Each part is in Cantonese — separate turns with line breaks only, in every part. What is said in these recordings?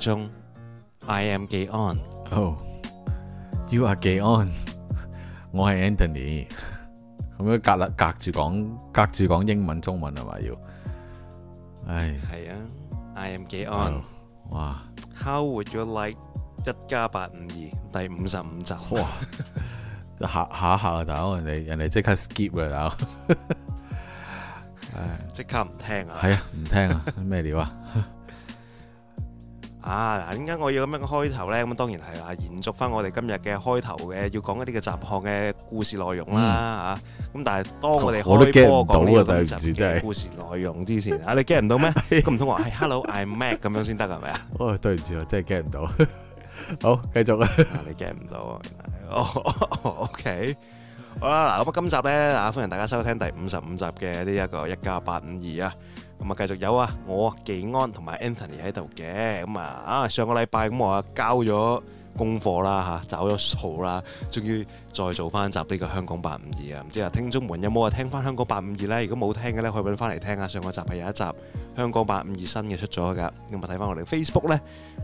中，I am gay on，哦，You are gay on，我係 Anthony，咁樣隔立隔住講，隔住講英文中文係嘛要，唉，係啊，I am gay on，哇，How
would you like 一家八五
二第五十五集，哇，下下一刻啊，但係我人哋人哋即刻 skip 啦，唉，即刻唔聽啊，係啊，唔聽啊，咩料啊？
啊！嗱，點解我要咁樣嘅開頭咧？咁當然係啊，延續翻我哋今日嘅開頭嘅要講一啲嘅雜項嘅故事內容啦，嚇、嗯！咁但係當我哋開波講呢、這個咁嘅故事內容之前，啊，你 get 唔到咩？咁唔通 話係 Hello，I'm Mac 咁樣先得噶，係咪 啊？哦，對唔住啊，真係 get 唔到。 好，繼續啊！ 你 get 唔到、哦哦、？OK，好啦，嗱咁啊，今集咧啊，歡迎大家收聽第五十五集嘅呢一個一家八五二啊！咁啊，繼續有啊，我技安同埋 Anthony 喺度嘅，咁啊，上個禮拜咁我啊交咗功課啦嚇，找咗數啦，終於再做翻集呢個香講八五二啊！唔知啊，聽眾們有冇啊聽翻香講八五二咧？如果冇聽嘅咧，可以揾翻嚟聽下。上個集係有一集香講八五二新嘅出咗㗎，咁啊睇翻我哋 Facebook 咧，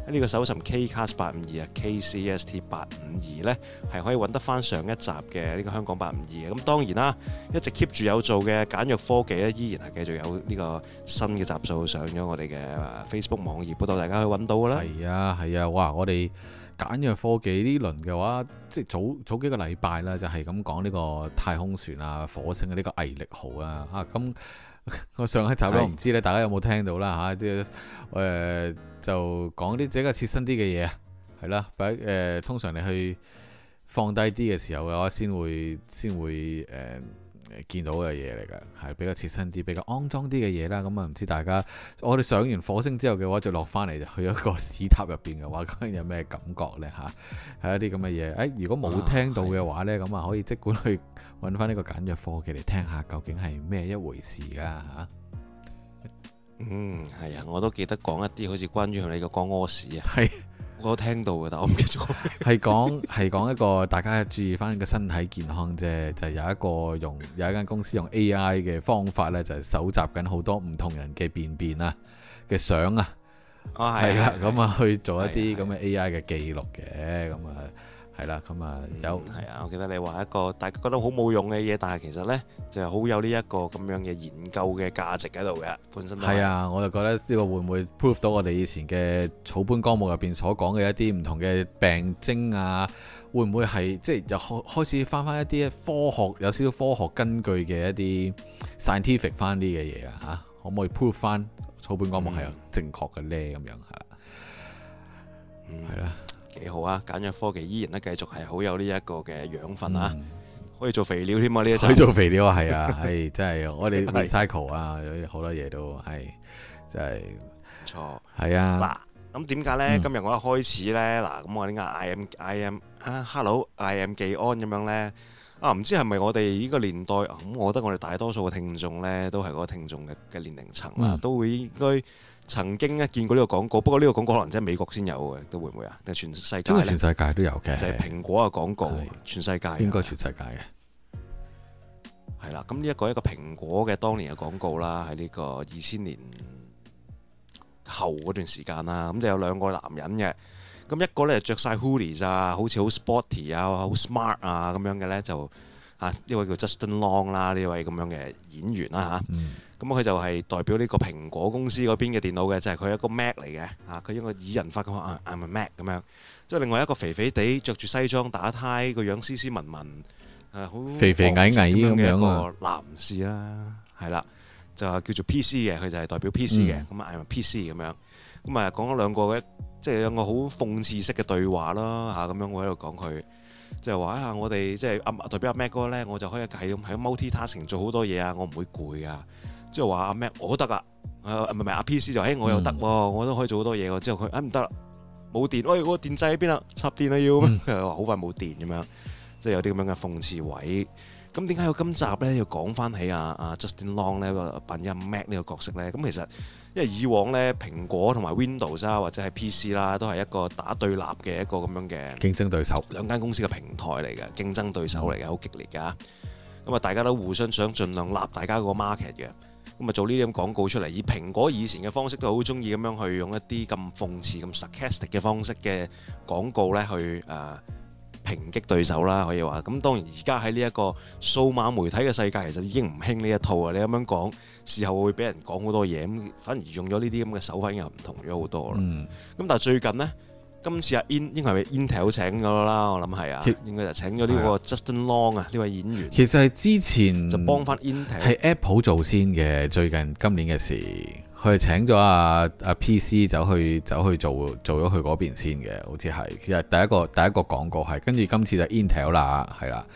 喺呢個搜尋 Kcast 八五二啊，KCST 八五二咧係可以揾得翻上一集嘅呢個香講八五二嘅。咁當然啦，一直 keep 住有做嘅簡約科技咧，依然係繼續有呢個新嘅集數上咗我哋嘅 Facebook 網頁，幫到大家
去揾到㗎啦。係啊，係啊，哇！我哋簡約科技呢輪嘅話，即係早早幾個禮拜啦，就係咁講呢個太空船啊、火星嘅、啊、呢、呢個毅力號啊，啊咁我上一集都唔知咧，大家有冇聽到啦嚇？啲誒是、啊、就講啲、呃、比較切身啲嘅嘢啊，係啦，擺、呃、誒通常你去放低啲嘅時候嘅話，先會先會誒。呃見到嘅嘢嚟噶，係比較切身啲、比較骯髒啲嘅嘢啦。咁、嗯、啊，唔知大家我哋上完火星之後嘅話，就落翻嚟就去一個屎塔入邊嘅話，究竟有咩感覺呢？吓係一啲咁嘅嘢。誒、欸，如果冇聽到嘅話呢，咁啊可以即管去揾翻呢個簡約科技嚟聽，聽下，究竟係咩一回事噶吓？
啊、嗯，係啊，我都記得講一啲好似關於你
個光屙屎啊，係。我聽到嘅，但我唔記得咗。係講 一個大家注意翻個身體健康啫，就係、有一個用有一間公司用 AI 嘅方法呢就係、係、搜集緊好多唔同人嘅便便啊嘅相啊，係啦、啊，咁啊去做一啲咁嘅 AI 嘅記錄嘅，咁啊。係啦，咁啊有
係啊、嗯，我記得你話一個大家覺得好冇用嘅嘢，但係其實呢，就係、是、好有呢一個咁樣嘅研究嘅價值喺度嘅，本身係啊，
我就覺得呢個會唔會 prove 到我哋以前嘅草本綱目入邊所講嘅一啲唔同嘅病徵啊，會唔會係即係又開開始翻翻一啲科學有少少科學根據嘅一啲 scientific 翻啲嘅嘢啊？吓、啊，可唔可以 prove 翻草本綱目係正確嘅呢？咁樣吓，係啦。嗯幾好啊！簡約科技依然咧繼續係
好有呢一個
嘅養分啊，可以做肥料添啊！呢一陣可以做肥料啊，係啊，係真係我哋 recycle 啊，有好多嘢都係真係唔錯，係啊！嗱，
咁點解咧？今日我一開始咧，嗱，咁我啲啊 I am I am 啊 Hello I am 紀安咁樣咧啊，唔知係咪我哋呢個年代咁？我覺得我哋大多數嘅聽眾咧，都係嗰個聽眾嘅嘅年齡層啊，都會應該，曾經咧見過呢個廣告，不過呢個廣告可能真係美國先有嘅，都會唔會啊？定全世界？全世界都有嘅，就係蘋果嘅廣告，的全世界應該全世界嘅，係啦。咁呢一個一個蘋果嘅當年嘅廣告啦，喺呢個二千年後嗰段時間啦，咁就有兩個男人嘅，咁一個咧就著曬 hoodies 啊，好似好 sporty 啊，好 smart 啊咁樣嘅咧就啊，呢位叫 Justin Long 啦，呢位咁樣嘅演員啦嚇。啊嗯咁佢、嗯、就係代表呢個蘋果公司嗰邊嘅電腦嘅，就係、是、佢一個 Mac 嚟嘅嚇。佢應該以人發講啊，I'm a Mac 咁樣。即係另外一個肥肥地着住西裝打呔，個樣斯斯文文啊，好肥肥矮矮咁樣嘅一個男士啦。係啦，就叫做 P C 嘅，佢就係代表 P C 嘅咁啊 I'm a P C 咁樣咁啊，講咗兩個嘅，即、就、係、是、有個好諷刺式嘅對話啦嚇。咁、啊、樣我喺度講佢就話、是、下、啊、我哋即係代表阿 Mac 哥咧，我就可以係咁喺 multi tasking 做好多嘢啊，我唔會攰啊。即係話阿 Mac 我得噶，誒唔係唔係阿 PC 就誒我又得，我都可以做好多嘢。之後佢誒唔得啦，冇電，喂我電掣喺邊啊，插電啊要咩？佢又話好快冇電咁樣，即係有啲咁樣嘅諷刺位。咁點解要今集咧要講翻起阿阿 Justin Long 咧扮阿 Mac 呢個角色咧？咁其實因為以往咧蘋果同埋 Windows 啊或者係 PC 啦，都係一個打對立嘅一個咁樣嘅競爭對手，兩間公司嘅平台嚟嘅，競爭對手嚟嘅，好激烈㗎。咁啊，大家都互相想盡量立大家個 market 嘅。咁啊做呢啲咁廣告出嚟，以蘋果以前嘅方式都好中意咁樣去用一啲咁諷刺、咁 sarcastic 嘅方式嘅廣告呢去誒、呃、評擊對手啦，可以話。咁當然而家喺呢一個數碼媒體嘅世界，其實已經唔興呢一套啦。你咁樣講，事後會俾人講好多嘢，咁反而用咗呢啲咁嘅手法又唔同咗好多啦。咁、嗯、但係最近呢。今次阿 Intel 應該係 Intel 請咗啦，我諗係啊，應該就請咗呢個 Justin Long 啊呢位演員。其
實係之前就幫返 Intel 係 Apple 做先嘅，最近今年嘅事，佢係請咗阿阿 PC 走去走去做做咗佢嗰邊先嘅，好似係。其實第一個第一個廣告係，跟住今次就 Intel 啦，係啦。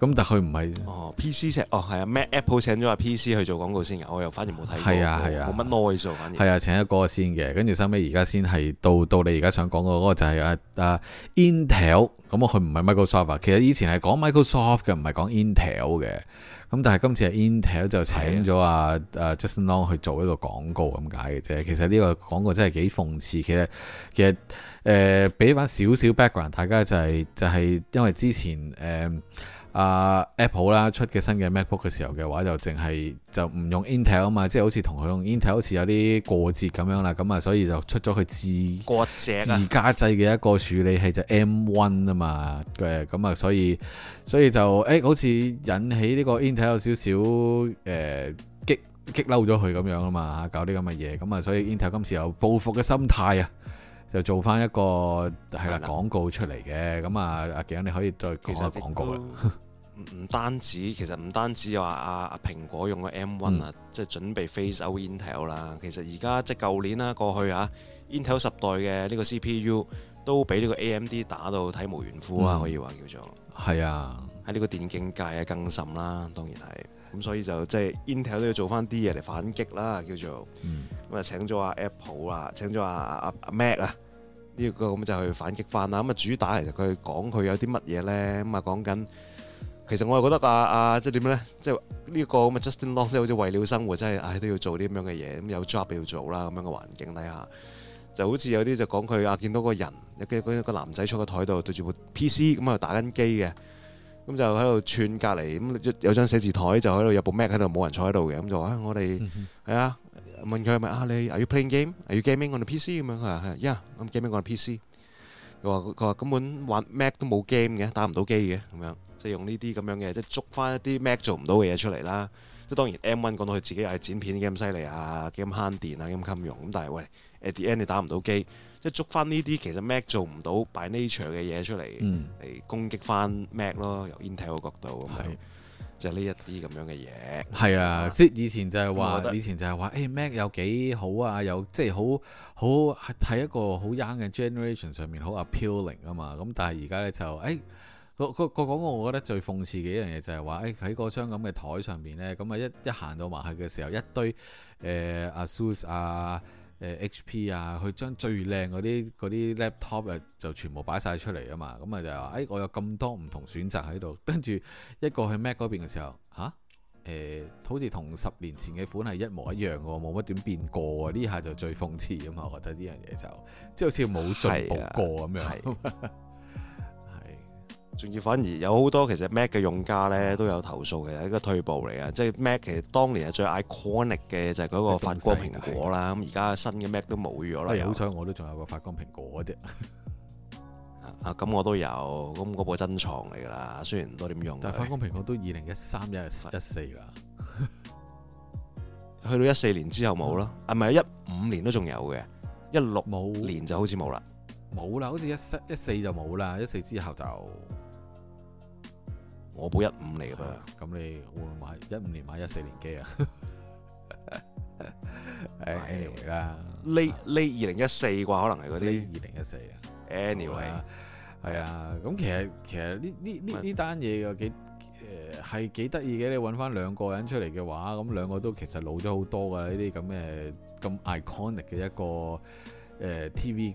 咁但佢唔係哦，P.C. set 哦係啊，Mac Apple 請咗阿 P.C. 去做
廣告先嘅，我又反而冇睇過，冇乜 noise 喎，反而
係啊，請一個先嘅，跟住收尾而家先係到到你而家想講個嗰個就係啊啊 Intel 咁、嗯，佢唔係 Microsoft，其實以前係講 Microsoft 嘅，唔係講 Intel 嘅，咁、嗯、但係今次係 Intel 就請咗阿啊，的啊 Justin Long 去做一個廣告咁解嘅啫。其實呢個廣告真係幾諷刺其實，其實誒俾翻少少 background，大家就係、是、就係、是、因為之前誒。呃嗯啊、Apple 啦出嘅新嘅 MacBook 嘅時候嘅話就淨係就唔用 Intel 啊嘛，即係好似同佢用 Intel 好似有啲過節咁樣啦，咁啊所以就出咗佢自正自家製嘅一個處理器就 M One 啊嘛，誒咁啊所以所以就誒好似引起呢個 Intel 有少少誒激激嬲咗佢咁樣啦嘛，搞啲咁嘅嘢，咁啊所以 Intel 今次有報復嘅心態啊。就做翻一個係啦廣告出嚟嘅，咁啊，阿鏡你可以再講下廣告。唔唔單止， 其實唔單止話阿阿蘋果用個 M One、嗯、啊，
即係準備飛走 Intel 啦。其實而家即係舊年啦，過去啊，Intel 十代嘅呢個 CPU 都俾呢個 AMD 打到體無完膚啊，可以話叫做。係啊、嗯的，喺呢個電競界啊，更甚啦，當然係。咁所以就即係 Intel 都要做翻啲嘢嚟反擊啦，叫做咁、嗯嗯、啊 Apple，請咗阿 Apple 啊，請咗阿阿阿 Mac 啊、呢個，呢個咁就去反擊翻啦。咁、嗯、啊主打其實佢、嗯、講佢有啲乜嘢咧？咁啊講緊，其實我又覺得啊，阿即係點咧？即係呢即個咁嘅 Justin Long 即就好似為了生活真係唉、哎、都要做啲咁樣嘅嘢，咁有 job 要做啦，咁樣嘅環境底下，就好似有啲就講佢啊，見到個人一個一個男仔坐個台度對住部 PC 咁、嗯、啊打緊機嘅。咁就喺度串隔籬，咁有張寫字枱就喺度有部 Mac 喺度，冇人坐喺度嘅，咁就話啊，我哋係啊，問佢係咪啊，你 are you playing game？are you gaming on the PC？咁樣佢話係，呀，我唔 gaming on the PC。佢話佢話根本玩 Mac 都冇 game 嘅，打唔到機嘅，咁樣即係用呢啲咁樣嘅，即係捉翻一啲 Mac 做唔到嘅嘢出嚟啦。即係當然 M1 講到佢自己係剪片幾咁犀利啊，幾咁慳電啊，幾咁襟用，咁但係喂，at the end 你打唔到機。即係捉翻呢啲其實 Mac 做唔到，by Nature 嘅嘢出嚟嚟、嗯、攻擊翻
Mac 咯，由 Intel 個角度，咁是就呢一啲咁樣嘅嘢。係啊，即係、嗯、以前就係話，以前就係話，誒、欸、Mac 有幾好啊，有即係、就是、好好係一個好 young 嘅 generation 上面好 appealing 啊嘛。咁但係而家咧就誒個個講我覺得最諷刺嘅一、欸、樣嘢就係話，誒喺嗰張咁嘅台上面咧，咁啊一一行到埋去嘅時候，一堆誒阿、欸、sus 啊。誒、呃、HP 啊，佢將最靚嗰啲啲 laptop 啊，就全部擺晒出嚟啊嘛，咁啊就話，誒、哎、我有咁多唔同選擇喺度，跟住一個去 Mac 嗰邊嘅時候，吓、啊，誒、呃、好似同十年前嘅款係一模一樣喎，冇乜點變過喎、啊，呢下就最諷刺啊嘛，我覺得呢樣嘢就即係好似冇進步過咁樣。仲要反而
有好多其實 Mac 嘅用家咧都有投訴嘅，一個退步嚟嘅。即係 Mac 其實當年係最 iconic 嘅就係嗰個發光蘋果啦。咁而家新嘅 Mac 都冇咗啦。好彩、啊、我都仲有個發光蘋果啫。啊，咁我都有，咁嗰部珍藏嚟噶啦。雖然唔多點用，但係發光
蘋果都二零一三一四啦，
去到一四年之後冇啦。啊，係咪？一五年都仲有嘅，一
六年就好似冇啦。冇啦，好似一一四，就冇啦，一四之後就我補一五嚟噶。咁、啊、你會唔會買一五年買一四年機啊 ？Anyway 啦，呢呢二零一四啩，可能係嗰啲二零一四啊？Anyway，係啊，咁、 啊、其實其實呢呢呢呢單嘢嘅幾誒係幾得意嘅，你揾翻兩個人出嚟嘅話，咁兩個都其實老咗好多噶，呢啲咁嘅咁 iconic 嘅一個誒 TV。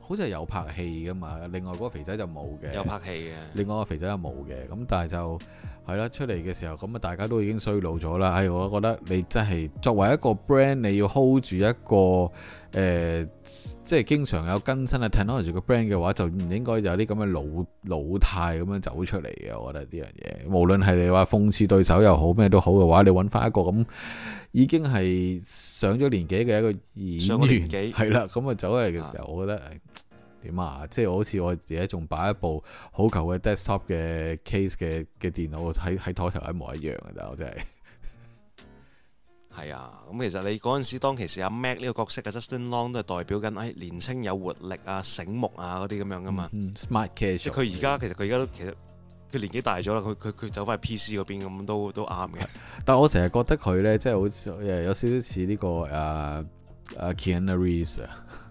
好似係有拍戲噶嘛，另外嗰個肥仔就冇嘅。有拍戲嘅，另外個肥仔就冇嘅。咁但係就係啦，出嚟嘅時候咁啊，大家都已經衰老咗啦。哎，我覺得你真係作為一個 brand，你要 hold 住一個誒、呃，即係經常有更新嘅 technology 個 brand 嘅話，就唔應該有啲咁嘅老老態咁樣走出嚟嘅。我覺得呢樣嘢，無論係你話諷刺對手又好咩都好嘅話，你揾翻一個咁已經係上咗年紀嘅一個演員，係啦，咁啊走嚟嘅時候，啊、我覺得。點啊！即係好似我自己仲擺一部好舊嘅 desktop 嘅 case 嘅嘅電腦喺喺台頭，一模一樣我啊！就真
係係啊！咁其實你嗰陣時，當其時阿、啊、Mac 呢個角色嘅 Justin Long 都係代表緊、哎、年輕有活力啊、醒目啊嗰啲咁樣噶嘛，smart casual。佢而家其實佢而家都其實佢年紀大咗啦，佢佢佢走翻去 PC 嗰邊咁都都啱嘅。
但係我成日覺得佢咧，即係好似有少少似呢個誒誒 Keanu Reeves 啊。啊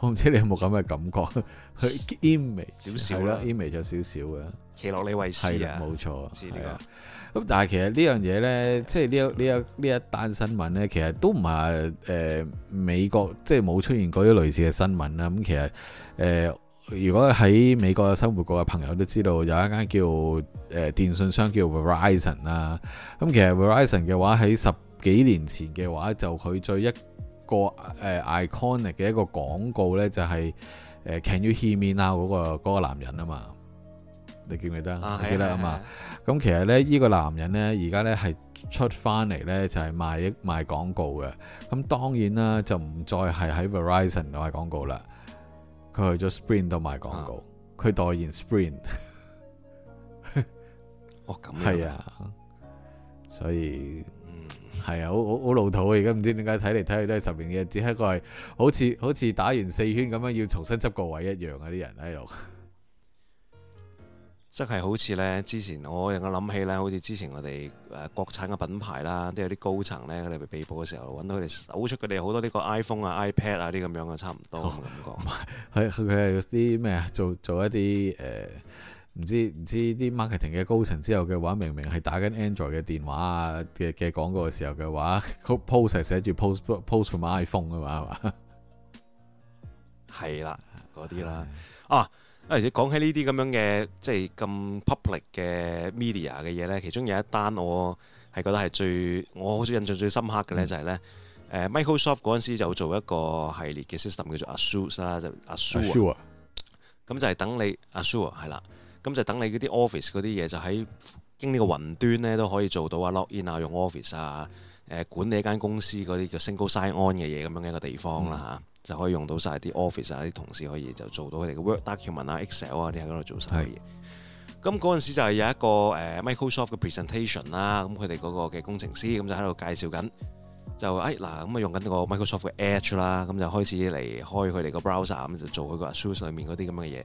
我唔知你有冇咁嘅感覺，去 image 樂少啦，image 咗少少嘅。奇洛李維斯係啊！冇錯，知呢、這個。咁但係其實呢樣嘢咧，即係呢一呢一呢一單新聞咧，其實都唔係誒美國，即係冇出現過啲類似嘅新聞啦。咁、嗯、其實誒、呃，如果喺美國生活過嘅朋友都知道，有一間叫誒、呃、電信商叫 Verizon 啦、啊。咁、嗯、其實 Verizon 嘅話喺十幾年前嘅話，就佢最。一一個誒 iconic 嘅一個廣告咧，就係、是、誒、呃、can you hear me now 嗰、那個那個男人啊嘛，你記唔、啊、記得？記得啊嘛。咁、啊啊、其實咧，依、這個男人咧，而家咧係出翻嚟咧，就係、是、賣賣廣告嘅。咁當然啦，就唔再係喺 Verizon 度賣廣告啦。佢去咗 Spring 度賣廣告，佢、啊、代言 Spring。 哦咁。係啊，所以。係啊，好好好老土啊！而家唔知點解睇嚟，睇去都係十年嘅，只係一個係好似好似打完四圈咁樣要重新執個位一樣啊！啲人喺度，
真係好似呢。之前我有個諗起呢，好似之前我哋誒、呃、國產嘅品牌啦，都有啲高層呢。佢哋被、被捕嘅時候，揾到佢哋搜出佢哋好多呢個 iPhone 啊、iPad 啊啲咁樣嘅，差
唔多咁樣講。佢佢係啲咩啊？做做一啲誒。呃唔知唔知啲 marketing 嘅高層之後嘅話，明明係打緊 Android 嘅電話啊嘅嘅廣告嘅時候嘅話，post 係寫住 post post 同埋 iPhone 嘅嘛係嘛？
係 啦，嗰啲啦啊 啊！而且講起呢啲咁樣嘅即係咁 public 嘅 media 嘅嘢咧，其中有一單我係覺得係最我好似印象最深刻嘅咧，就是，就係咧誒 Microsoft 嗰陣時就做一個系列嘅 system 叫做 Azure 啦，就 Azure 咁就係等你 Azure 係啦。咁就等你嗰啲 office 嗰啲嘢，就喺經呢個雲端咧都可以做到啊。log in 啊，用 office 啊，誒管理一間公司嗰啲叫 single sign on 嘅嘢，咁樣嘅一個地方啦嚇、嗯啊，就可以用到晒啲 office 啊啲同事可以就做到佢哋嘅 word document 啊、嗯、excel 啊啲喺嗰度做晒嘅嘢。咁嗰陣時就係有一個誒 Microsoft 嘅 presentation 啦，咁佢哋嗰個嘅工程師咁就喺度介紹緊，就誒嗱咁啊用緊呢個 Microsoft 嘅 Edge 啦，咁就開始嚟開佢哋個 browser 咁就做佢個 search 裏面嗰啲咁嘅嘢。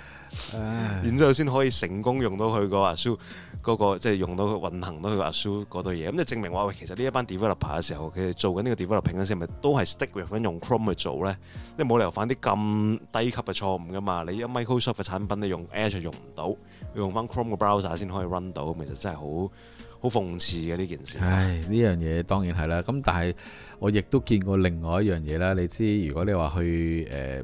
唉然之後先可以成功用到佢個 Azure 嗰個，即係用到佢、運行到佢 Azure 嗰堆嘢。咁就證明話，喂，其實呢一班 developer 嘅時候，佢哋做緊呢個 developer 平台時，係咪都係 stick with 緊用 Chrome 去做咧？即係冇理由犯啲咁低級嘅錯誤噶嘛。你一 Microsoft 嘅產品，你用 Edge 用唔到，要用翻 Chrome 個 browser 先可以 run 到，其實真
係好好諷刺嘅呢件事。唉，呢樣嘢當然係啦。咁但係我亦都見過另外一樣嘢啦。你知如果你話去誒，呃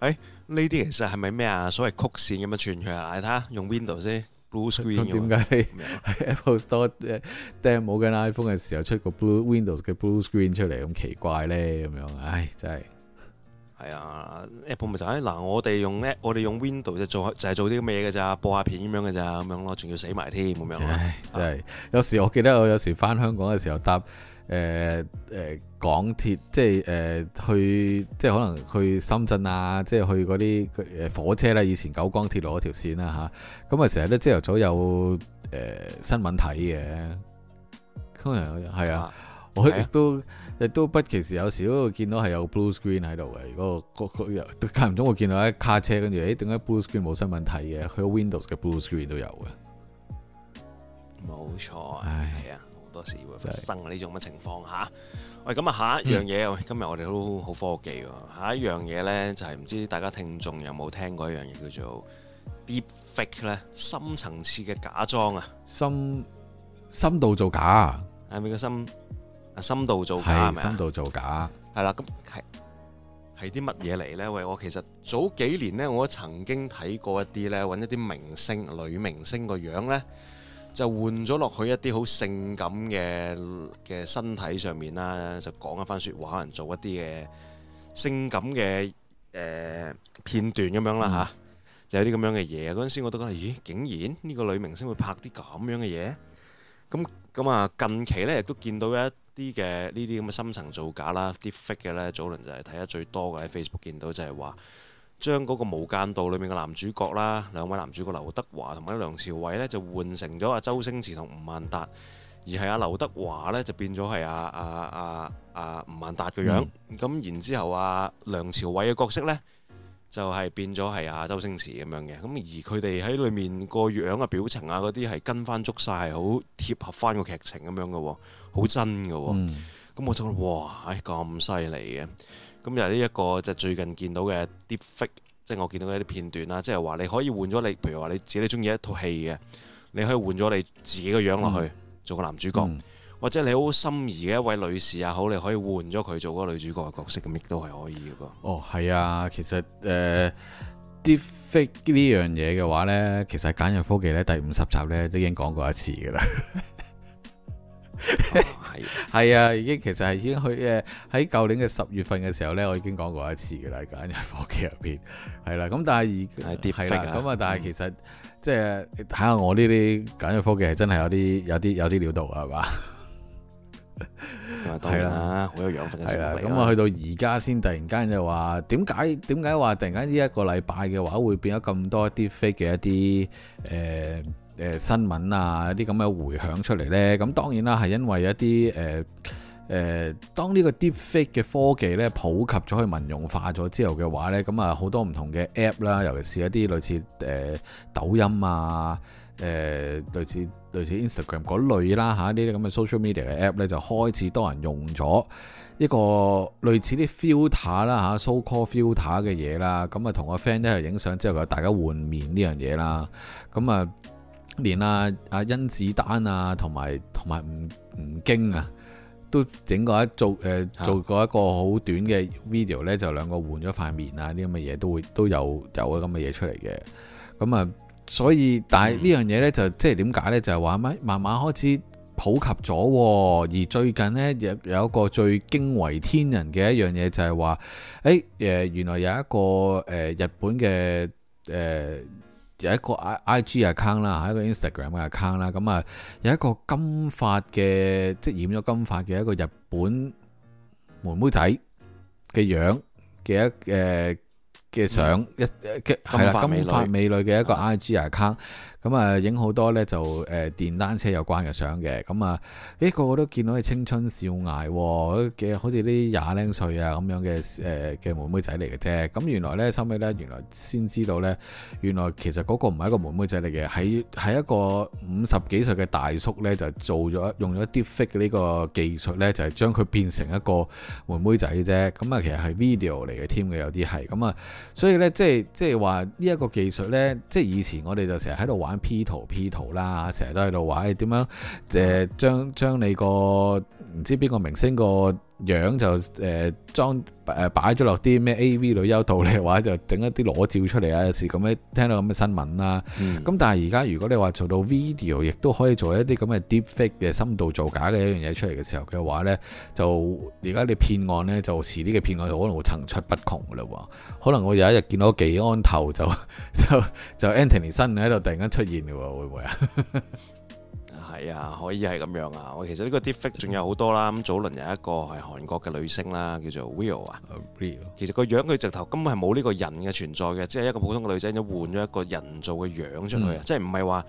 誒，呢啲、哎、其實係咪咩啊？所謂曲線咁樣傳出嚟，睇下用 Windows 先，Blue Screen 樣。點
解喺 Apple Store demo 緊 iPhone 嘅時候，出個 Blue Windows 嘅 Blue Screen 出嚟咁奇怪咧？咁樣，唉，真係、啊。係啊，Apple
咪就係嗱、哎，我哋用咧，我哋用 Windows 就做，就係做啲咁嘅嘢噶咋，播下片咁樣噶咋，咁樣咯，仲
要死埋添，咁樣。唉，真係。有時我記得我有時翻香港嘅時候搭。誒誒、呃呃，港鐵即係誒去，即係、呃、可能去深圳啊，即係去嗰啲誒火車啦，以前九廣鐵路嗰條線啦吓。咁啊，成、嗯、日都朝頭早有誒、呃、新聞睇嘅。咁啊，係啊，我亦都亦都不其時，有時都會見到係有 blue screen 喺度嘅。如、那、果個個佢間唔中，我見到一卡車，跟住誒，點、欸、解 blue screen 冇新聞睇嘅？佢個 Windows 嘅 blue screen 都有嘅。
冇錯錯，係唉啊。多時會發生啊！呢、就是、種乜情況吓、啊，喂，咁啊、嗯，下一樣嘢，今日我哋都好科技喎。下一樣嘢咧，就係、是、唔知大家聽眾有冇聽過一樣嘢叫做 deepfake 咧，深層次嘅假裝啊，
深深度造假
啊，係咪個深啊？深度造假，係咪深度
造假，
係啦。咁係係啲乜嘢嚟咧？喂，我其實早幾年咧，我都曾經睇過一啲咧，揾一啲明星女明星個樣咧。就換咗落去一啲好性感嘅嘅身體上面啦，就講一番說話，可能做一啲嘅性感嘅誒、呃、片段咁樣啦吓、嗯啊，就有啲咁樣嘅嘢。嗰陣時我都覺得：「咦，竟然呢個女明星會拍啲咁樣嘅嘢？咁咁啊，近期呢亦都見到一啲嘅呢啲咁嘅深層造假啦，啲 fake 嘅呢，早輪就係睇得最多嘅喺 Facebook 見到就，就係話。將嗰、那個無間道裏面嘅男主角啦，兩位男主角劉德華同埋梁朝偉呢，就換成咗阿周星馳同吳孟達，而係阿劉德華呢，就變咗係阿阿阿阿吳孟達嘅樣，咁、嗯、然之後阿梁朝偉嘅角色呢，就係變咗係阿周星馳咁樣嘅，咁而佢哋喺裏面個樣啊、表情啊嗰啲係跟翻足晒，係好貼合翻個劇情咁樣嘅喎，好真㗎喎，咁、嗯、我就哇，咁犀利嘅！咁就呢一個就係最近見到嘅 Deepfake，即係我見到一啲片段啦，即係話你可以換咗你，譬如話你自己中意一套戲嘅，你可以換咗你自己個樣落去、嗯、做個男主角，嗯、或者你好心儀嘅一位女士
啊，好你可以換咗佢做嗰個女主角嘅角色，
咁亦都係可以嘅噃。
哦，係啊，其實誒，Deep、呃、Fake 呢樣嘢嘅話呢，其實簡約科技呢，第五十集呢，都已經講過一次嘅啦。 係 啊，已經其實係已經去誒，喺舊年嘅十月份嘅時候咧，我已經講過一次噶啦，簡約科技入邊係啦，咁但係而係跌息咁啊，但係其實即係睇下我呢啲簡約科技係真係有啲有啲有啲料到啊，係嘛。係啦，好的有養分嘅，係啦。咁啊，去到而家先突然間就話，點解點解話突然間呢一個禮拜嘅話會變咗咁多啲 fake 嘅一啲誒誒新聞啊，一啲咁嘅回響出嚟呢？咁當然啦，係因為一啲誒誒，當呢個 deepfake 嘅科技呢普及咗，去民用化咗之後嘅話呢，咁啊好多唔同嘅 app 啦，尤其是一啲類似誒、呃、抖音啊。誒類似類似 Instagram 嗰類啦嚇，呢啲咁嘅 social media 嘅 app 咧，就開始多人用咗一個類似啲 filter 啦嚇，so-called filter 嘅嘢啦，咁啊同個 friend 一齊影相之後，大家換面呢樣嘢啦，咁啊，連啊啊甄子丹啊同埋同埋吳吳京啊，都整過一做誒、呃、做過一個好短嘅 video 咧，就兩個換咗塊面啊，啲咁嘅嘢都會都有有咁嘅嘢出嚟嘅，咁啊～所以，但係呢樣嘢呢，就即係點解呢？就係、是、話慢慢開始普及咗，而最近呢，有有一個最驚為天人嘅一樣嘢就係、是、話，誒、呃、原來有一個誒、呃、日本嘅誒、呃、有一個 IG account 啦，一個 Instagram 嘅 account 啦，咁、呃、啊有一個金髮嘅即係染咗金髮嘅一個日本妹妹仔嘅樣嘅一誒。呃嘅相一嘅係啦，金髮美女嘅一個 I G account。咁啊影好多咧就誒、呃、電單車有關嘅相嘅，咁啊誒個個都見到係青春少艾，哦，嘅好似啲廿零歲啊咁樣嘅誒嘅妹妹仔嚟嘅啫。咁、嗯、原來咧收尾咧原來先知道咧，原來其實個唔係一個妹妹仔嚟嘅，係係一個五十幾歲嘅大叔咧就做咗用咗啲 deepfake 呢個技術咧，就係、是、將佢變成一個妹妹仔啫。咁、嗯、啊其實係 video 嚟嘅添嘅，有啲係咁啊，所以咧即係即係話呢一個技術咧，即係以前我哋就成日喺度玩。P 圖 P 圖啦，成日都喺度話：哎「話，點樣？誒、呃、將將你個唔知邊個明星個。」樣就誒、呃、裝誒擺咗落啲咩 AV 女優度咧，呃、話就整一啲裸照出嚟啊！有時咁樣聽到咁嘅新聞啦、啊，咁、嗯、但係而家如果你話做到 video，亦都可以做一啲咁嘅 deep fake 嘅深度造假嘅一樣嘢出嚟嘅時候嘅話咧，就而家你騙案咧就遲啲嘅騙案可能會層出不窮㗎喇喎，可能我有一日見到幾安頭就就就 Anthony 新喺度突然間出現喎，會唔會啊？ 係啊，可以係咁樣啊！
我其實呢個 deepfake 仲有好多啦。咁早輪有一個係韓國嘅女星啦，叫做 Will 啊。Real. 其實個樣佢直頭根本係冇呢個人嘅存在嘅，即係一個普通嘅女仔，而換咗一個人造嘅樣出去。啊、嗯！即係唔係話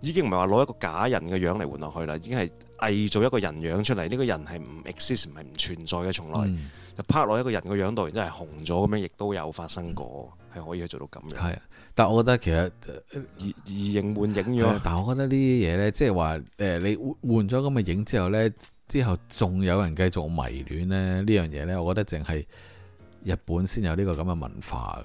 已經唔係話攞一個假人嘅樣嚟換落去啦，已經係偽造一個人樣出嚟。呢、這個人係唔 exist，唔係唔存在嘅，不不在從來、嗯、就拍落一個人嘅樣度，然之後係紅咗咁樣，亦都有發生過。嗯
係可以做到咁樣。係啊，但係我覺得其實移形換影啊。但係我覺得呢啲嘢咧，即係話誒，你換咗咁嘅影之後咧，之後仲有人繼續迷戀咧呢樣嘢咧，這個、我覺得淨係日本先有呢個咁嘅文化嘅，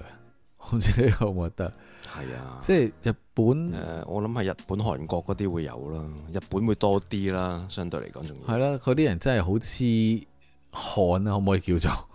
好似呢個我覺得係啊。即係的日本誒，我諗係日本、韓國
嗰啲會有啦，日本會多啲啦，相對嚟講仲
要係啦。嗰啲人真係好似韓啊，可唔可以叫做？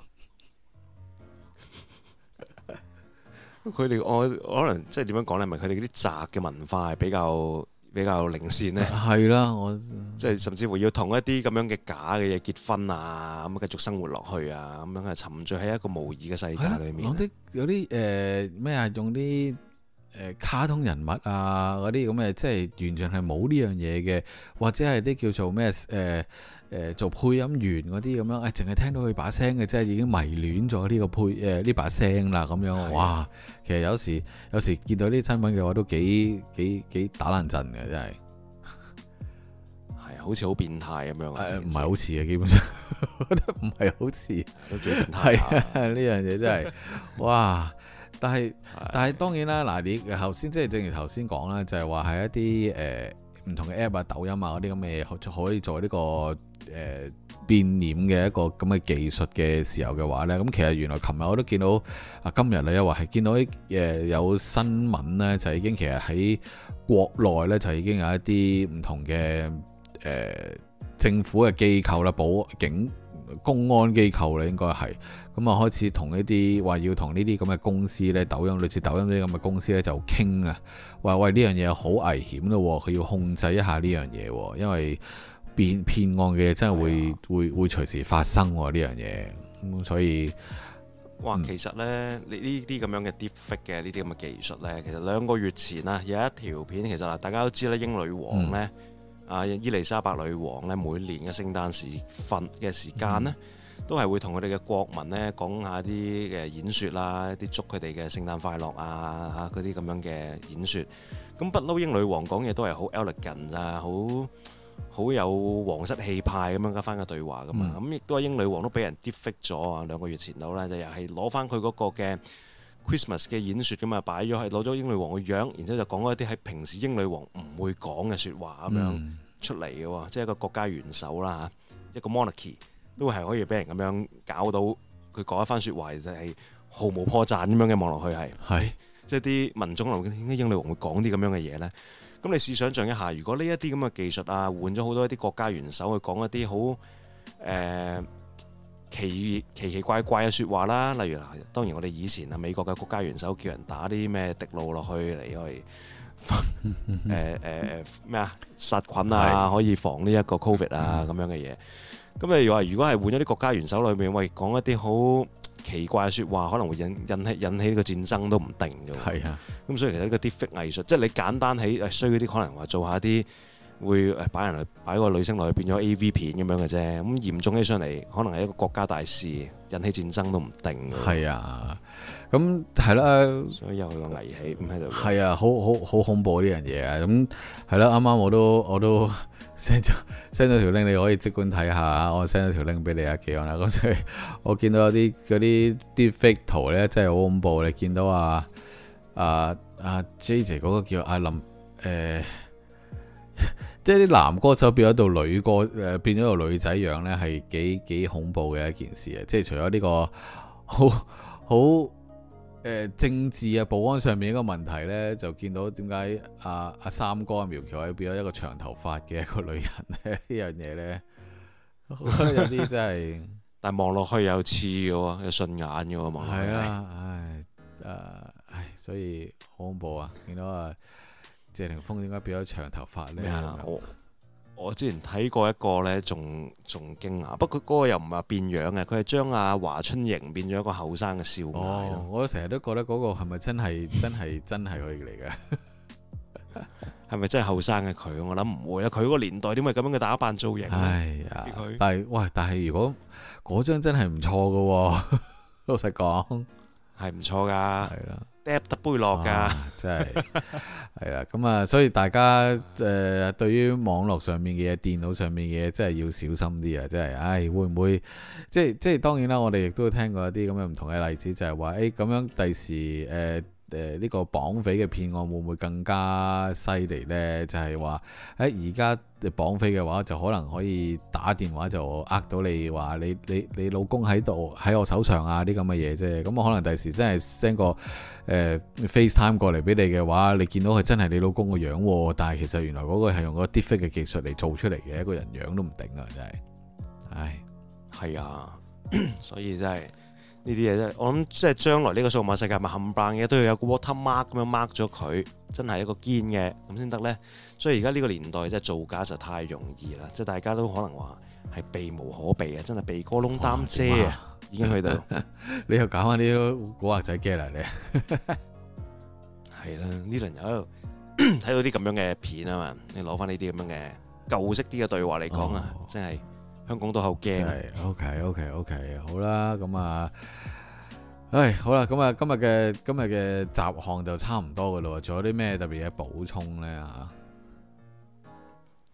佢哋我可能即係點樣講咧？咪係佢哋嗰啲宅嘅文化係比較比較領先咧。係啦，我即係甚至乎要同一啲咁樣嘅假嘅嘢結婚啊，
咁繼續生活落去啊，咁樣係沉醉喺一個模擬嘅世界裏面。我有啲有啲誒咩啊？用啲誒、呃呃、卡通人物啊，嗰啲咁嘅，即係完全係冇呢樣嘢嘅，或者係啲叫做咩誒？呃誒做配音員嗰啲咁樣，誒淨係聽到佢把聲嘅，即係已經迷戀咗呢個配誒呢、呃、把聲啦，咁樣是的 哇！其實有時有時見到啲新聞嘅話，都幾幾幾打冷震嘅，真係係啊，好似好變態咁樣，唔係好似嘅，基本上我覺得唔係好似， 都幾變態啊！呢樣嘢真係哇！但係的但係當然啦，嗱你頭先即係正如頭先講啦，就係話係一啲誒。呃唔同嘅 app 啊、抖音啊嗰啲咁嘅嘢，可可以做呢、這個誒、呃、變臉嘅一個咁嘅技術嘅時候嘅話呢。咁其實原來琴日我都見到啊，今日你又話係見到啲、呃、有新聞呢，就已經其實喺國內呢，就已經有一啲唔同嘅誒、呃、政府嘅機構啦，保警。公安機構咧應該係咁啊，開始同一啲話要同呢啲咁嘅公司咧，抖音類似抖音呢啲咁嘅公司咧就傾啊，話喂呢樣嘢好危險咯，佢要控制一下呢樣嘢，因為騙騙案嘅嘢真係會、嗯、會會隨時發生呢、啊、樣嘢，咁所以，
哇其實咧呢呢啲咁樣嘅 deepfake 嘅呢啲咁嘅技術咧，其實兩個月前啦、啊，有一條片，其實、啊、大家都知咧，英女王咧。嗯啊！伊麗莎白女王咧，每年嘅聖誕時份嘅時間咧，都係會同佢哋嘅國民咧講一下啲誒演説啦、啊，啲祝佢哋嘅聖誕快樂啊嚇嗰啲咁樣嘅演説。咁不嬲，英女王講嘢都係好 elegant 咋，好好有皇室氣派咁樣嘅翻嘅對話咁嘛。咁亦、嗯嗯、都係英女王都俾人 deepfake 咗啊！兩個月前度呢，就又係攞翻佢嗰個嘅。Christmas 嘅演説噶嘛，擺咗係攞咗英女王嘅樣，然之後就講嗰一啲喺平時英女王唔會講嘅説話咁樣、嗯、出嚟嘅喎，即係一個國家元首啦嚇，一個 monarchy 都會係可以俾人咁樣搞到佢講一番説話，就係、是、毫無破綻咁樣嘅望落去係係，是即係啲民眾諗緊點解英女王會講啲咁樣嘅嘢呢。咁你試想像一下，如果呢一啲咁嘅技術啊，換咗好多一啲國家元首去講一啲好誒，呃奇奇奇怪怪嘅説話啦，例如嗱，當然我哋以前啊美國嘅國家元首叫人打啲咩滴露落去嚟，為誒誒咩啊殺菌啊，是可以防呢一個 covid 啊咁樣嘅嘢。咁你又話如果係換咗啲國家元首裏面，喂，講一啲好奇怪嘅説話，可能會引引起引起呢個戰爭都唔定嘅。係啊，咁所以其實呢個 Deepfake 藝術，即係你簡單喺衰嗰啲，哎、可能話做下啲。會誒，擺人嚟，擺個女星落去變咗 AV 片咁樣嘅啫。咁嚴重起上嚟，可能係一個國家大事，引起戰爭都唔定嘅。係啊，咁係啦，
所以又有危險咁喺度。係啊，好好好恐怖呢樣嘢啊。咁係啦，啱啱、啊、我都我都 send 咗 send 咗條 link，你可以即管睇下我 send 咗條 link 俾你啊，阿健啦。咁所以我見到有啲嗰啲啲 fake 圖咧，些 machine, 真係好恐怖。對你見到啊啊啊 J.J. 嗰個叫阿林誒。呃即係啲男歌手變咗做女歌，誒、呃、變咗做女仔樣咧，係幾幾恐怖嘅一件事啊！即係除咗呢個好好誒政治啊保安上面一個問題咧，就見到點解阿阿三哥苗僑偉變咗一個長頭髮嘅一個女人咧呢樣嘢咧， 有啲真係，
但望落去有刺嘅喎，又順眼嘅喎，係啊，
唉，誒，唉，所以好恐怖啊，見到啊。謝霆鋒點解變咗長頭髮呢？我，我之前睇過一個呢，仲仲驚訝，不過嗰個又
唔係變樣嘅，佢係將阿華春瑩變咗一個後生嘅笑奶、哦、我成日都覺得嗰個係咪真係 真係 真係可以嚟嘅？係咪真係後生嘅佢？我諗唔會啦、啊，佢嗰個年代點解咁樣嘅打扮造型？
哎呀！他但係喂，但係如果嗰張真係唔錯嘅， 老實講係唔錯噶。
跌
得杯落噶，真係係啦。咁啊， 所以大家誒、呃、對於網絡上面嘅嘢、電腦上面嘅嘢，真係要小心啲啊！真係，唉、哎，會唔會即即當然啦？我哋亦都聽過一啲咁樣唔同嘅例子，就係話誒咁樣第時誒。誒，呢、呃這個綁匪嘅騙案會唔會更加犀利呢？就係話喺而家綁匪嘅話，就可能可以打電話就呃到你，話你你你老公喺度喺我手上啊啲咁嘅嘢啫。咁我、嗯、可能第時真係 send 個誒、呃、FaceTime 過嚟俾你嘅話，你見到佢真係你老公個樣，但係其實原來嗰個係用個 Deepfake 嘅技術嚟做出嚟嘅，一個人樣都唔定啊！真係，唉，係啊，
所以真係。呢啲嘢啫，我諗即係將來呢個數碼世界咪冚棒嘢都要有個 water mark 咁樣 mark 咗佢，真係一個堅嘅咁先得咧。所以而家呢個年代真係造假實在太容易啦，即係大家都可能話係避無可避啊，真係鼻哥窿擔遮啊，已經去到樣、啊、 你又搞翻啲古惑仔機啦，你係啦，呢 輪又喺度睇到啲咁樣嘅片啊嘛，你攞翻呢啲咁樣嘅舊式啲嘅對話嚟講啊，真係、哦、～香港都好驚啊！OK
OK OK，好啦，咁、嗯、啊，唉，好啦，咁啊，今日嘅今日嘅集項就差唔多噶啦，仲有啲咩特別嘢補充咧吓，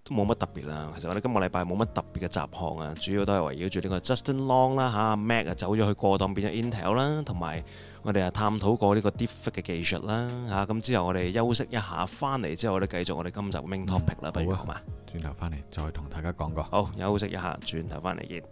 都冇乜特別啦，其實我哋今個禮拜冇乜特別嘅集項啊，主要都係圍繞住呢個 Justin Long 啦吓 Mac 啊、Mac、走咗去過檔變咗 Intel 啦，同埋。我哋啊，探討過呢個 deepfake 嘅技術啦，嚇、啊！咁之後我哋休息一下，翻嚟之後我哋繼續我哋今集嘅 main topic 啦，不如、嗯、好嘛、啊？轉頭翻嚟再同大家講過，好，休息一下，轉頭翻嚟見。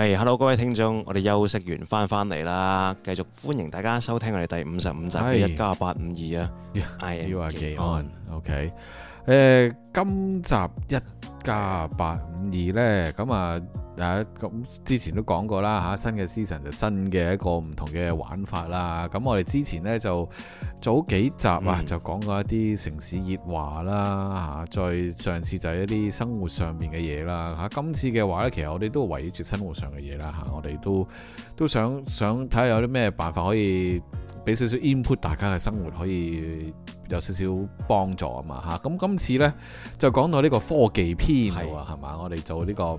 Hey, hello, 各位聽眾，我哋休息完翻翻嚟啦，繼續歡迎大家收聽我哋第五十五集《一加
八五二》啊， 係，I am your god，OK，誒、呃，今集一加八五二咧，咁啊。啊咁，之前都講過啦嚇，新嘅思想就新嘅一個唔同嘅玩法啦。咁我哋之前呢，就早幾集啊，就講過一啲城市熱話啦嚇。嗯、再上次就係一啲生活上面嘅嘢啦嚇。今次嘅話呢，其實我哋都圍繞住生活上嘅嘢啦嚇。我哋都都想想睇下有啲咩辦法可以俾少少 input，大家嘅生活可以有少少幫助啊嘛嚇。咁今次呢，就講到呢個科技篇喎，係嘛是？我哋做呢、呢個。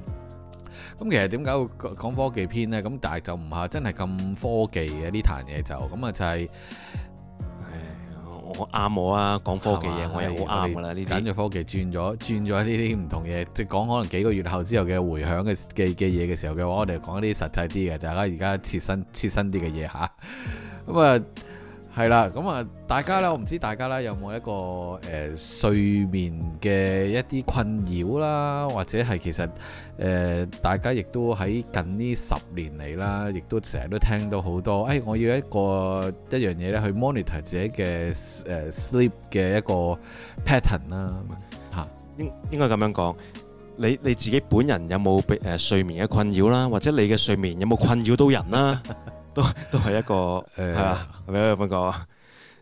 咁其實點解會講科技篇呢？咁但係就唔係真係咁科技嘅呢壇嘢就咁啊，就係、是、我啱我啊，講科技嘢我又好啱噶啦。揀咗科技，轉咗轉咗呢啲唔同嘢，即係講可能幾個月後之後嘅回響嘅嘅嘅嘢嘅時候嘅話，我哋講一啲實際啲嘅，大家而家切身切身啲嘅嘢吓，咁啊。嗯係啦，咁啊，大家咧，我唔知大家咧有冇一個誒、呃、睡眠嘅一啲困擾啦，或者係其實誒、呃、大家亦都喺近呢十年嚟啦，亦都成日都聽到好多，誒、哎，我要一個一樣嘢咧去 monitor 自己嘅誒 sleep 嘅一個 pattern 啦，吓，應應該
咁樣講，你你自己本人有冇俾誒睡眠嘅困擾啦，或者你嘅睡眠有冇困擾到人啦？ 都都係一個係啊，咁樣分講，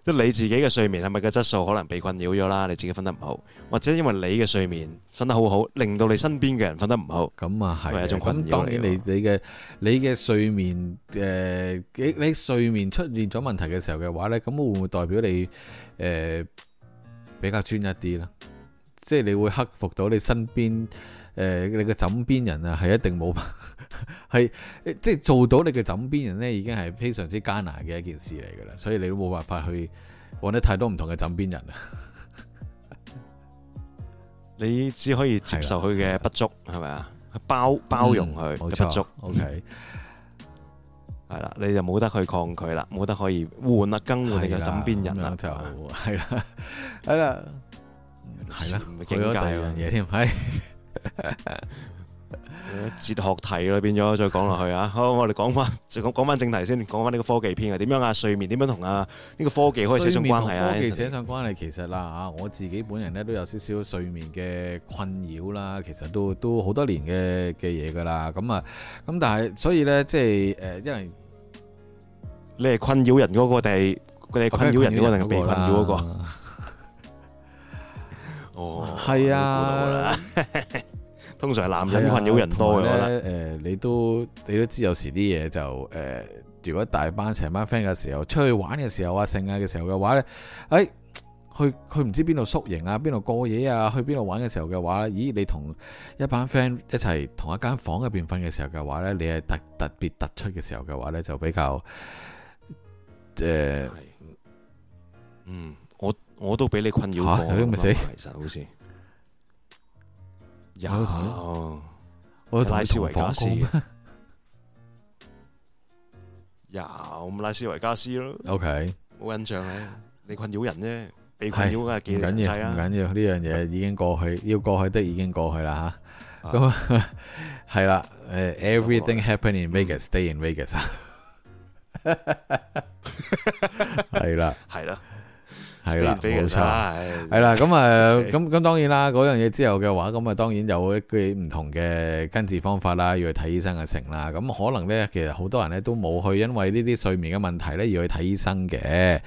即係你自己嘅睡眠係咪個質素可能被困擾咗啦？你自己瞓得唔好，或者因為你嘅睡眠
瞓得好好，令到你身邊嘅人瞓得唔好，咁啊係一種困擾。咁當你你你嘅你嘅睡眠誒，你你睡眠出現咗問題嘅時候嘅話咧，咁會唔會代表你誒比較專一啲啦？即係你會克服到你身邊誒你嘅枕邊人啊，係一定冇。係，即係做到你嘅枕邊人咧，已經係非常之艱難嘅一件事嚟噶啦，所以你都冇辦法去揾得太多唔同嘅枕邊人啊。 你只
可以接受佢嘅不足，係咪啊？包包容佢嘅不足。OK，係啦，你就冇得去抗拒啦，冇得可以換啊，更換你嘅枕邊人啊，就係
啦，係啦，係啦，佢咯第二樣嘢添，係。
哲學題啦，變咗再講落去啊！好，我哋講翻，就講講翻正題先，講翻呢個科技篇啊！點樣啊？睡眠點樣同啊呢、這個科技可以扯上關係？啊？科技扯
上關係，其實啦啊，我自己本人咧都有少少睡眠嘅困擾啦，其實都都好多年嘅嘅嘢噶啦。咁啊，咁但係所以咧，即係誒，因為你係困擾人嗰、那個，定係定係困擾人嗰、那個，定係被困擾嗰、那個？哦，係啊。
通常係男人困擾人多嘅，哎、我、
呃、你都你都知，有時啲嘢就誒、呃，如果大班成班 friend 嘅時候，出去玩嘅時候啊，剩啊嘅時候嘅話咧，誒，去去唔知邊度宿營啊，邊度過夜啊，去邊度玩嘅時候嘅話，咦，你同一班 friend 一齊同一間房入邊瞓嘅時候嘅話咧，你係特特別突出嘅時候嘅話咧，就比較誒，呃、嗯，我我都俾你困擾過，嚇、啊，唔死，其實好似。
有，我去拉斯維加斯。有，拉斯維加斯咯。O K，冇印象啊，你困擾人啫，被困擾噶，唔緊要，唔
緊要，呢樣嘢已經過去，要過去都已經過去啦吓。咁係啦，誒，everything happening in Vegas，stay in Vegas 啊。係啦，係啦。係啦，冇錯。係啦，咁啊，咁咁、嗯、的當然啦，嗰樣嘢之後嘅話，咁啊，當然有一啲唔同嘅根治方法啦，要去睇醫生嘅成啦。咁可能呢，其實好多人呢都冇去，因為呢啲睡眠嘅問題呢，要去睇醫生嘅。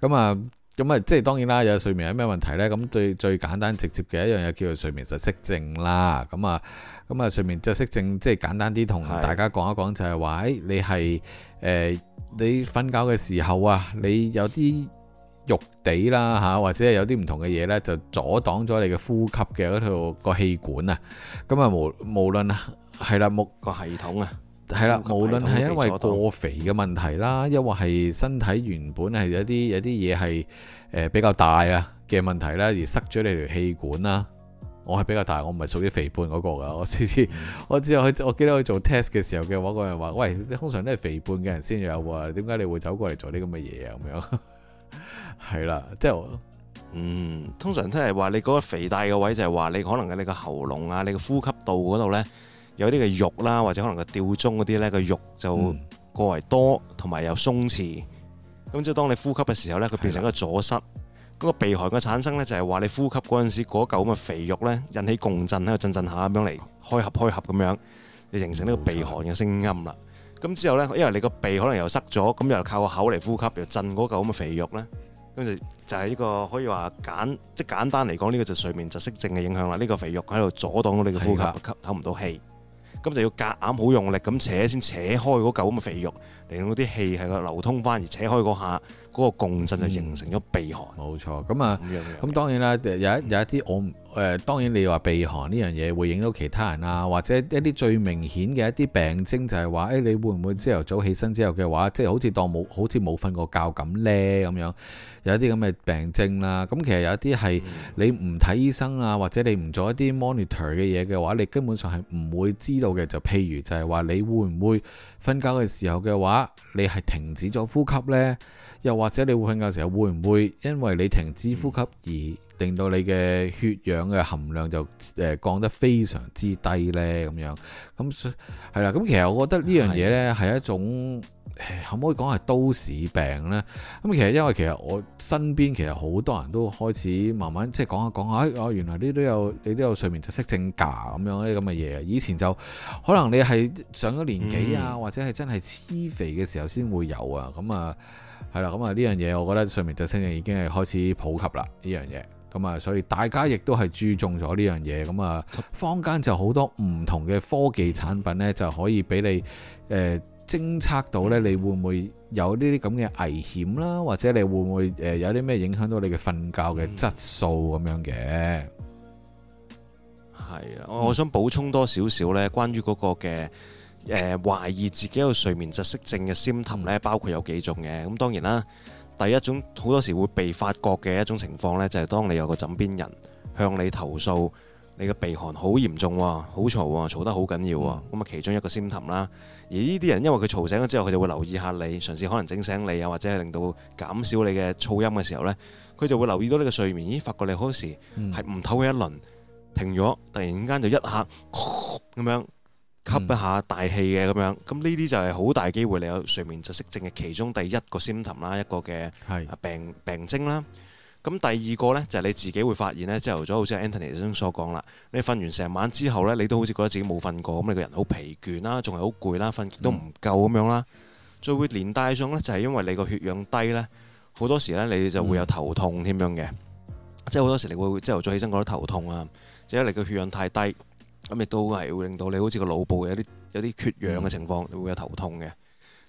咁啊，咁啊，即係當然啦，有睡眠有咩問題呢？咁最最簡單直接嘅一樣嘢叫做睡眠窒息症啦。咁啊，咁啊、嗯，睡眠窒息症即係簡單啲同大家講一講，的就係話，誒、哎，你係誒、呃，你瞓覺嘅時候啊，你有啲。肉地啦嚇，或者有啲唔同嘅嘢呢，就阻擋咗你嘅呼吸嘅嗰套個氣管啊。咁啊，無無論係啦，個系統啊，係啦呼吸嘅系統，無論係因為過肥嘅問題啦，亦或係身體原本係有啲有啲嘢係誒比較大啊嘅問題啦，而塞咗你條氣管啦。我係比較大，我唔係屬於肥胖嗰個㗎。我次次我之後去，我記得去做 test 嘅時候嘅話，嗰個人話：「喂，通常都係肥胖嘅人先有喎，點解你會走過嚟做啲咁嘅嘢啊？咁樣。係啦，即係，嗯，通常都係話你嗰個肥大嘅位就係話你可能係你個
喉嚨啊，你個呼吸道嗰度呢，有啲嘅肉啦、啊，或者可能個吊鐘嗰啲呢，個肉就過為多，同埋、嗯、又鬆弛，咁即係當你呼吸嘅時候呢，佢變成一個阻塞，嗰的個鼻鼾嘅產生呢，就係話你呼吸嗰陣時嗰嚿咁嘅肥肉呢，引起共振喺度震震下咁樣嚟開合開合咁樣，你形成呢個鼻鼾嘅聲音啦。咁之後咧，因為你個鼻可能又塞咗，咁又靠個口嚟呼吸，又震嗰嚿咁嘅肥肉咧，跟住就係、是、呢個可以話簡即簡單嚟講，呢、這個就睡眠窒息症嘅影響啦。呢、這個肥肉喺度阻擋到你嘅呼吸，的吸唞唔到氣，咁就要夾硬好用力咁扯，先扯開嗰嚿咁嘅肥肉，令到啲氣係個流通翻，而扯開嗰下嗰、那個共振就形成咗
鼻鼾。冇、嗯、錯，咁啊，咁、嗯、當然啦、嗯，有有一啲我誒當然你話鼻鼾呢樣嘢會影響到其他人啊，或者一啲最明顯嘅一啲病徵就係、哎、話，誒你會唔會朝頭早起身之後嘅話，即係好似當冇好似冇瞓過覺咁呢？咁樣，有一啲咁嘅病徵啦。咁其實有一啲係你唔睇醫生啊，或者你唔做一啲 monitor 嘅嘢嘅話，你根本上係唔會知道嘅。就譬如就係話，你會唔會瞓覺嘅時候嘅話，你係停止咗呼吸呢？又或者你會瞓覺嘅時候會唔會因為你停止呼吸而？令到你嘅血氧嘅含量就誒降得非常之低呢。咁樣咁係啦。咁、嗯、其實我覺得呢樣嘢呢，係一種可唔是的 可以講係都市病呢？咁其實因為其實我身邊其實好多人都開始慢慢即係講下講下，哎、就是啊，原來呢啲有你都有睡眠窒息症㗎，咁樣呢，咁嘅嘢以前就可能你係上咗年紀啊，嗯、或者係真係黐肥嘅時候先會有啊。咁啊係啦，咁啊呢樣嘢我覺得睡眠窒息症已經係開始普及啦，呢樣嘢。咁啊、嗯，所以大家亦都係注重咗呢樣嘢。咁、嗯、啊，坊間就好多唔同嘅科技產品咧，就可以俾你誒、呃，偵測到咧，你會唔會有呢啲咁嘅危險啦？或者你會唔會誒，有啲咩影響到你嘅瞓覺嘅質素咁、嗯、樣嘅？
係啊，我，我想補充多少少咧，關於嗰個嘅誒，懷、呃、疑自己有睡眠窒息症嘅 symptom 咧，包括有幾種嘅。咁當然啦。第一種好多時會被發覺嘅一種情況呢，就係、是、當你有個枕邊人向你投訴，你嘅鼻鼾好嚴重喎，好嘈啊，嘈、啊、得好緊要啊。咁啊、嗯，其中一個 symptom 啦。而呢啲人因為佢嘈醒咗之後，佢就會留意下你，嘗試可能整醒你啊，或者係令到減少你嘅噪音嘅時候呢，佢就會留意到你嘅睡眠，咦，發覺你好多時係唔唞嘅一輪停咗，突然間就一下咁樣。吸一下大氣嘅咁樣，咁呢啲就係好大機會你有睡眠窒息症嘅其中第一個 symptom< 是>啦，一個嘅病病徵啦。咁第二個呢，就係、是、你自己會發現呢，朝頭早好似 Anthony 頭先所講啦，你瞓完成晚之後呢，你都好似覺得自己冇瞓過，咁你個人好疲倦啦，仲係好攰啦，瞓極都唔夠咁樣啦。再、嗯、會連帶上呢，就係、是、因為你個血氧低呢，好多時呢，你就會有頭痛添樣嘅，嗯、即係好多時你會朝頭早起身覺得頭痛啊，即係因為你個血氧太低。咁亦都係會令到你好似個腦部有啲有啲缺氧嘅情況，嗯、會有頭痛嘅。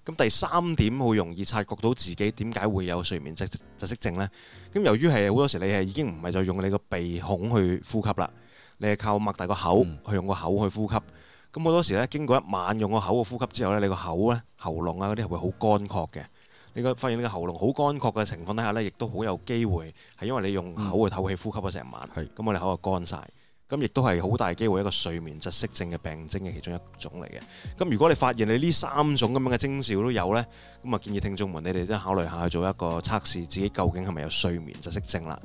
咁第三點好容易察覺到自己點解會有睡眠窒窒息症呢？咁由於係好多時你係已經唔係再用你個鼻孔去呼吸啦，你係靠擘大個口、嗯、去用個口去呼吸。咁好多時呢，經過一晚用個口去呼吸之後呢，你個口呢，喉嚨啊嗰啲係會好乾涸嘅。你個發現呢個喉嚨好乾涸嘅情況底下呢，亦都好有機會係因為你用口去透氣呼吸咗成晚，咁我哋口就乾晒。咁亦都係好大機會一個睡眠窒息症嘅病徵嘅其中一種嚟嘅。咁如果你發現你呢三種咁樣嘅徵兆都有呢，咁啊建議聽眾們你哋都考慮一下去做一個測試，自己究竟係咪有睡眠窒息症啦。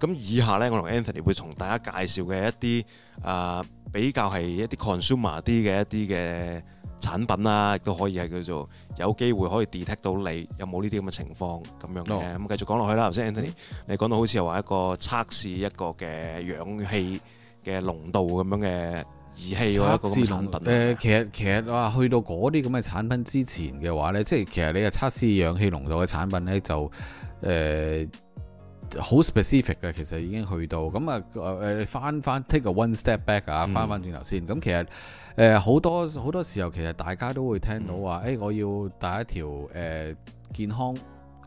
咁以下呢，我同 Anthony 會同大家介紹嘅一啲啊、呃、比較係一啲 consumer 啲嘅一啲嘅產品啊，都可以係叫做有機會可以 detect 到你有冇呢啲咁嘅情況咁樣嘅。咁、哦、繼續講落去啦。頭先 Anthony 你講到好似又話一個測試一個嘅氧氣嘅濃度
咁樣嘅儀器嗰個產品，誒、呃、其實其實話去到嗰啲咁嘅產品之前嘅話咧，即係其實你嘅測試氧氣濃度嘅產品咧就誒好、呃、specific 嘅，其實已經去到咁。啊你翻翻 take a one step back 啊，翻翻轉頭先咁，嗯、其實誒好、呃、多好多時候其實大家都會聽到話，誒、嗯欸、我要帶一條誒、呃、健康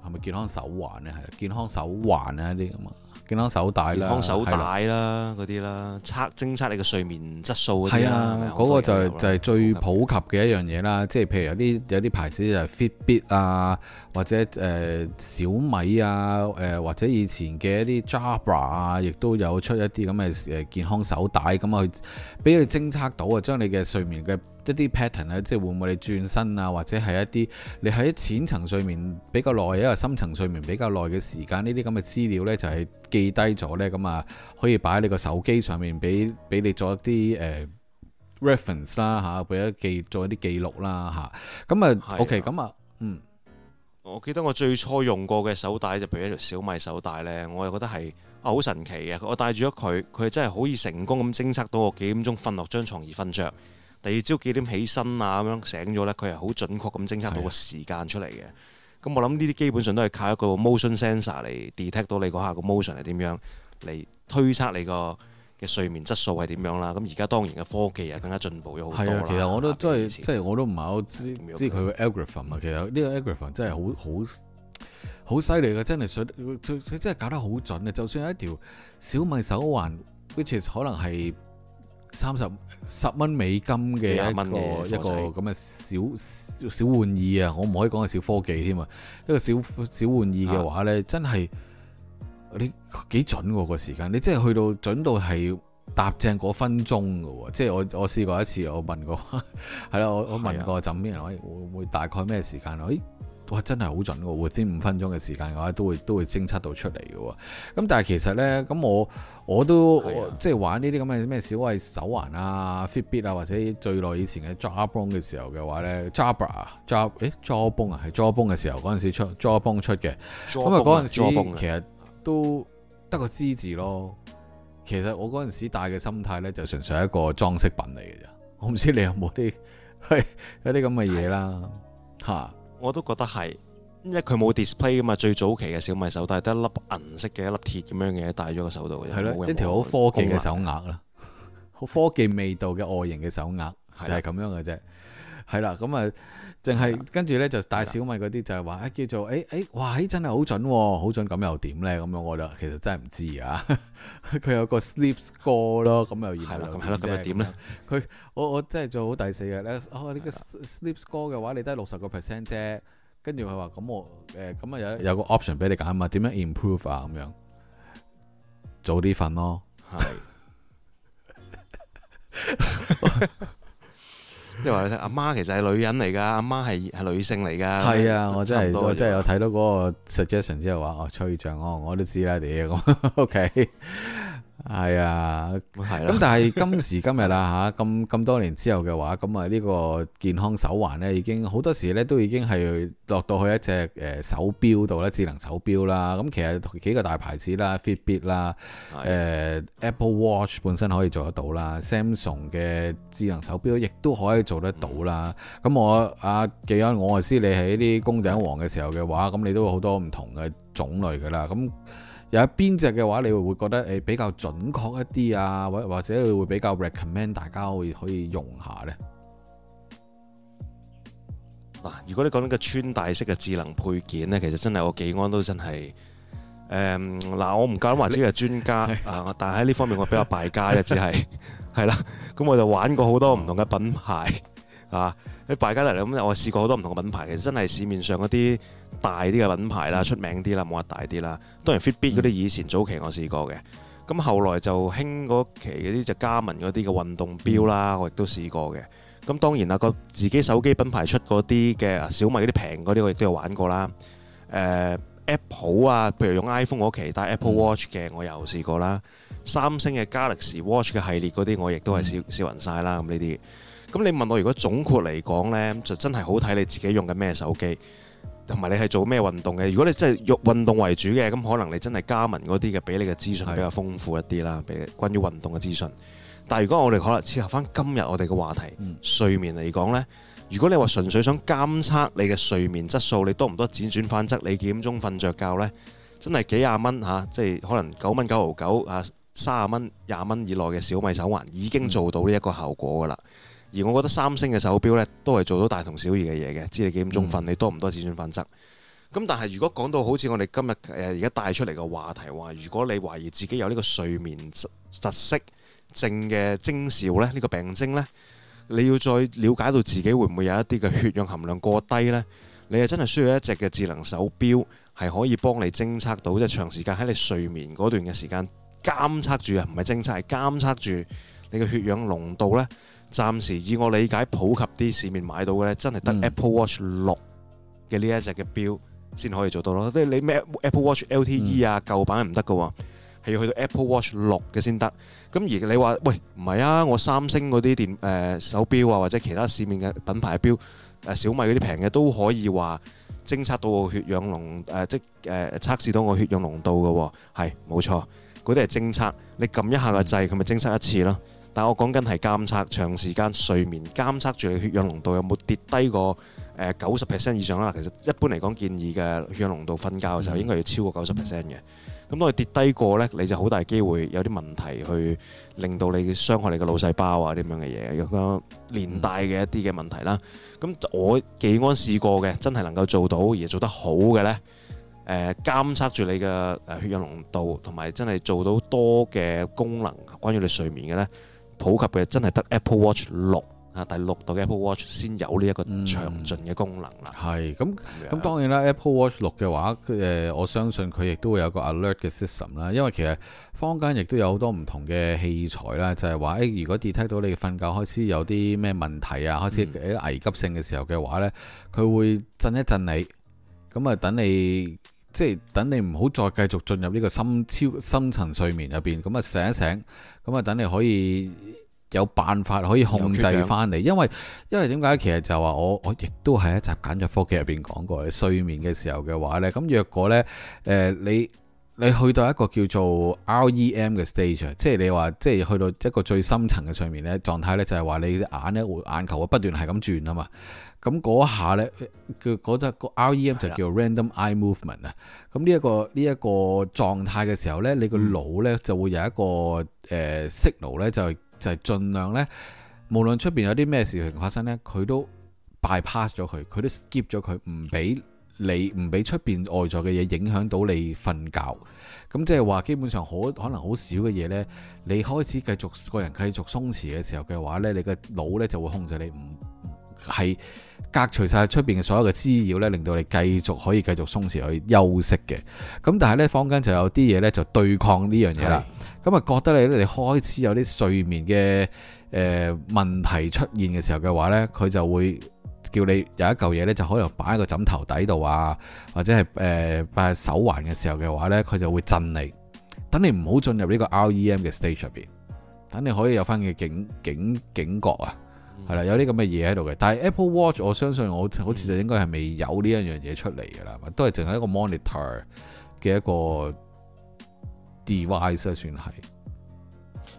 係咪健康手環咧，係健康手環啊啲咁啊～健康手帶啦，健康手帶
啦，嗰啲的啦，測偵測你嘅
睡眠質素嗰啲啦，嗰的、啊、個就係、就係、是、最普及嘅一樣嘢啦。即係譬如有啲有啲牌子就係 Fitbit 啊，或者誒、呃、小米啊，誒、呃、或者以前嘅一啲 Jabra 啊，亦都有出一啲咁嘅誒健康手帶，咁啊去俾你偵測到啊，將你嘅睡眠嘅，一啲 pattern 咧，即係會唔會你轉身啊，或者係一啲你喺淺層睡眠比較耐嘅，一個深層睡眠比較耐嘅時間呢？啲咁嘅資料呢，就係記低咗呢。咁啊可以擺喺你個手機上面，俾俾你做一啲誒、呃、reference 啦、啊、吓，俾一記做一啲記錄啦吓。咁啊的，OK，咁啊，嗯，
我記得我最初用過嘅手帶就譬如一條小米手帶呢。我又覺得係啊好神奇嘅。我戴住咗佢，佢真係可以成功咁偵測到我幾點鐘瞓落張床而瞓着。第二朝幾點起身啊？咁樣醒咗咧，佢係好準確咁偵測到個時間出嚟嘅。咁的我諗呢啲基本上都係靠一個 motion sensor 嚟 detect 到你嗰下個 motion 係點樣，嚟推測你個嘅睡眠質素係點樣啦。咁而家當然嘅科技又更加進步咗好多啦。係啊，其實我
都真係，即係我都唔係好知知佢嘅 algorithm 啊。其實呢個 algorithm 真係好好好犀利嘅，真係想真真係搞得好準啊。就算係一條小米手環，which 可能係。三十十蚊美金嘅一個咁嘅小小，小玩意啊！我唔可以講係小科技添啊！一個小小玩意嘅話呢，真係你幾準個、啊、個時間？你真係去到準到係搭正嗰分鐘嘅喎、啊！即係我我試過一次，我問過係啦， 我我問過枕邊人話會唔會大概咩時間啊？我真係好準喎，within 五分鐘嘅時間嘅話，都會都會偵測到出嚟嘅喎。咁但係其實咧，咁我我都的我即係玩呢啲咁嘅咩小衞手環啊、Fitbit 啊，啊或者最耐以前嘅 Jabra 嘅時候嘅話咧，Jabra 啊，J 誒 Jabra 啊，係 Jabra 嘅時候嗰陣時出 Jabra 出嘅，咁啊嗰陣時其實都得個之字咯。其實我嗰陣時帶嘅心態咧，就純粹係一個裝飾品嚟嘅啫。我唔知你有冇啲係有啲咁嘅嘢啦，
嚇、嗯。啊我都覺得係，因為佢冇 display 噶嘛，最早期嘅小米手帶得一粒
銀色嘅一粒鐵咁樣嘅嘢戴咗個手度嘅，係咯的，一條好科技嘅手鐲啦，好 科技味道嘅外形嘅手鐲就係咁樣嘅啫。係啦，咁啊，淨係跟住咧就大小米嗰啲就係、是、話，誒、啊，叫做，誒、欸，誒、欸，哇，呢、欸、真係好準、啊、準，好準，咁又點咧？咁樣我就其實真係唔知啊。佢有個 sleep score 咯，咁又然咧？係啦，咁又點咧？佢，我我真係做好第四日嘅。哦、啊，呢、啊、個 sleep score 嘅話，你都係六十個 percent 啫。跟住佢話，咁我，誒、呃，咁啊有有個 option 俾你揀啊嘛？點樣 improve 啊？咁樣早啲瞓咯。
即係話阿媽其實係女人嚟㗎，阿媽係係女性嚟㗎。係啊，我真係真係我
有睇到嗰個 suggestion 之後話，哦、啊，吹脹，哦、啊，我都知啦，哋嘅 ，OK。係啊，係啦。咁但係今時今日啦嚇，咁咁、 啊、多年之後嘅話，咁啊呢個健康手環呢，已經好多時呢都已經係落到去一隻誒手錶度咧，智能手錶啦。咁其實幾個大牌子啦，Fitbit 啦，誒、啊呃、Apple Watch 本身可以做得到啦，Samsung 嘅智能手錶亦都可以做得到啦。咁、嗯、我啊，既然我阿師你喺啲工頂王嘅時候嘅話，咁你都好多唔同嘅種類噶啦。咁有邊隻嘅話，你會覺得誒比較準確一啲啊，或或者你會比較 recommend 大家會可以用下咧？
嗱，如果你講緊個穿戴式嘅智能配件咧，其實真係我幾安都真係誒，嗱、嗯，我唔夠膽話自己係專家啊，你但喺呢方面我比較敗家嘅， 只係係啦，咁我就玩過好多唔同嘅品牌啊，啲敗家嚟，咁我試過好多唔同嘅品牌，其實真係市面上一啲，大啲嘅品牌啦，出名啲啦，冇話大啲啦。當然 Fitbit 嗰啲以前早期我試過嘅，咁、嗯、後來就興嗰期嗰啲就 Garmin 嗰啲嘅運動表啦，我亦都試過嘅。咁當然啊，個自己手機品牌出嗰啲嘅，小米嗰啲平嗰啲我亦都有玩過啦、呃。Apple 啊，譬如用 iPhone 嗰期戴 Apple Watch 嘅，我又試過啦。三星嘅 Galaxy Watch 嘅系列嗰啲，我亦都係試試勻晒啦。咁呢啲咁你問我，如果總括嚟講呢，就真係好睇你自己用緊咩手機。同埋你係做咩運動嘅？如果你真係用運動為主嘅，咁可能你真係加文嗰啲嘅，俾你嘅資訊係比較豐富一啲啦。俾關於運動嘅資訊。但係如果我哋可能切合翻今日我哋嘅話題，睡眠嚟講呢，如果你話純粹想監測你嘅睡眠質素，你多唔多輾轉反側，你幾點鐘瞓着覺呢？真係幾廿蚊吓，即係可能九蚊九毫九啊，三廿蚊、廿蚊以內嘅小米手環已經做到呢一個效果噶啦。而我覺得三星嘅手錶咧，都係做到大同小異嘅嘢嘅。知你幾點鐘瞓，你、嗯、多唔多自轉反側咁。但係如果講到好似我哋今日而家帶出嚟嘅話題話，話如果你懷疑自己有呢個睡眠窒息症嘅徵兆呢，呢、呢個病徵呢，你要再了解到自己會唔會有一啲嘅血氧含量過低呢？你係真係需要一隻嘅智能手錶係可以幫你偵測到，即、就、係、是、長時間喺你睡眠嗰段嘅時間監測住啊，唔係偵測係監測住你嘅血氧濃度呢。暫時以我理解普及啲市面買到嘅咧，真係得 Apple Watch 六嘅呢一隻嘅表先可以做到咯。即係、嗯、你咩 Apple Watch LTE 啊，嗯、舊版唔得嘅喎，係要去到 Apple Watch 六嘅先得。咁而你話喂唔係啊，我三星嗰啲電誒手錶啊，或者其他市面嘅品牌嘅表，誒小米嗰啲平嘅都可以話偵測到我血氧濃誒、呃、即係誒、呃、測試到我血氧濃度嘅喎，係冇錯，嗰啲係偵測，你撳一下個掣佢咪偵測一次咯。嗯我講緊係監測長時間睡眠，監測住你血氧濃度有冇跌低過誒九十 percent 以上啦。其實一般嚟講，建議嘅血氧濃度瞓覺嘅時候應該要超過九十 percent 嘅。咁、嗯、當你跌低過咧，你就好大機會有啲問題去令到你傷害你嘅腦細胞啊，啲咁樣嘅嘢，有個年代嘅一啲嘅問題啦。咁、嗯、我幾安試過嘅，真係能夠做到而做得好嘅咧，誒、呃、監測住你嘅誒血氧濃度，同埋真係做到多嘅功能，關於你睡眠嘅咧。普及
嘅真係得 Apple Watch 六啊，第六代嘅 Apple Watch 先有呢一個詳盡嘅功能啦。係咁咁，當然啦，Apple Watch 六嘅話，誒、呃，我相信佢亦都會有個 alert 嘅 system 啦。因為其實坊間亦都有好多唔同嘅器材啦，就係話誒，如果 detect 到你瞓覺開始有啲咩問題啊，開始危急性嘅時候嘅話呢，佢、嗯、會震一震你咁啊，等你。即係等你唔好再繼續進入呢個深超深層睡眠入邊，咁啊醒一醒，咁啊等你可以有辦法可以控制翻嚟。因為因為點解其實就話我我亦都喺一集簡約科技入邊講過，睡眠嘅時候嘅話呢，咁若果呢誒、呃、你。你去到一個叫做 REM 嘅 stage，即係你話即係去到一個最深層嘅上面呢，狀態呢就係話你眼呢眼球啊不斷係咁轉啊嘛，咁嗰下呢，嘅嗰則個 REM 就叫 random eye movement 啊、呢個，咁呢一個呢一個狀態嘅時候呢，你個腦呢就會有一個誒 signal 呢就就係盡量呢，無論出邊有啲咩事情發生呢，佢都 bypass 咗佢，佢都 skip 咗佢，唔俾。你唔俾出邊外在嘅嘢影響到你瞓覺，咁即係話基本上好可能好少嘅嘢呢。你開始繼續個人繼續鬆弛嘅時候嘅話呢，你嘅腦呢就會控制你唔係隔除晒出邊嘅所有嘅滋擾呢，令到你繼續可以繼續鬆弛去休息嘅。咁但係呢，坊間就有啲嘢呢就對抗呢樣嘢啦。咁啊，覺得你咧你開始有啲睡眠嘅誒、呃、問題出現嘅時候嘅話呢，佢就會。叫你有一嚿嘢咧，就可能擺喺個枕頭底度啊，或者係誒擺手環嘅時候嘅話咧，佢就會震你，等你唔好進入呢個 REM 嘅 stage 入邊，等你可以有翻嘅警警警覺啊，係啦、嗯，有啲咁嘅嘢喺度嘅。但係 Apple Watch，我相信我好似就應該係未有呢一樣嘢出嚟噶啦，都係淨係一個 monitor 嘅一個 device 啊，算係。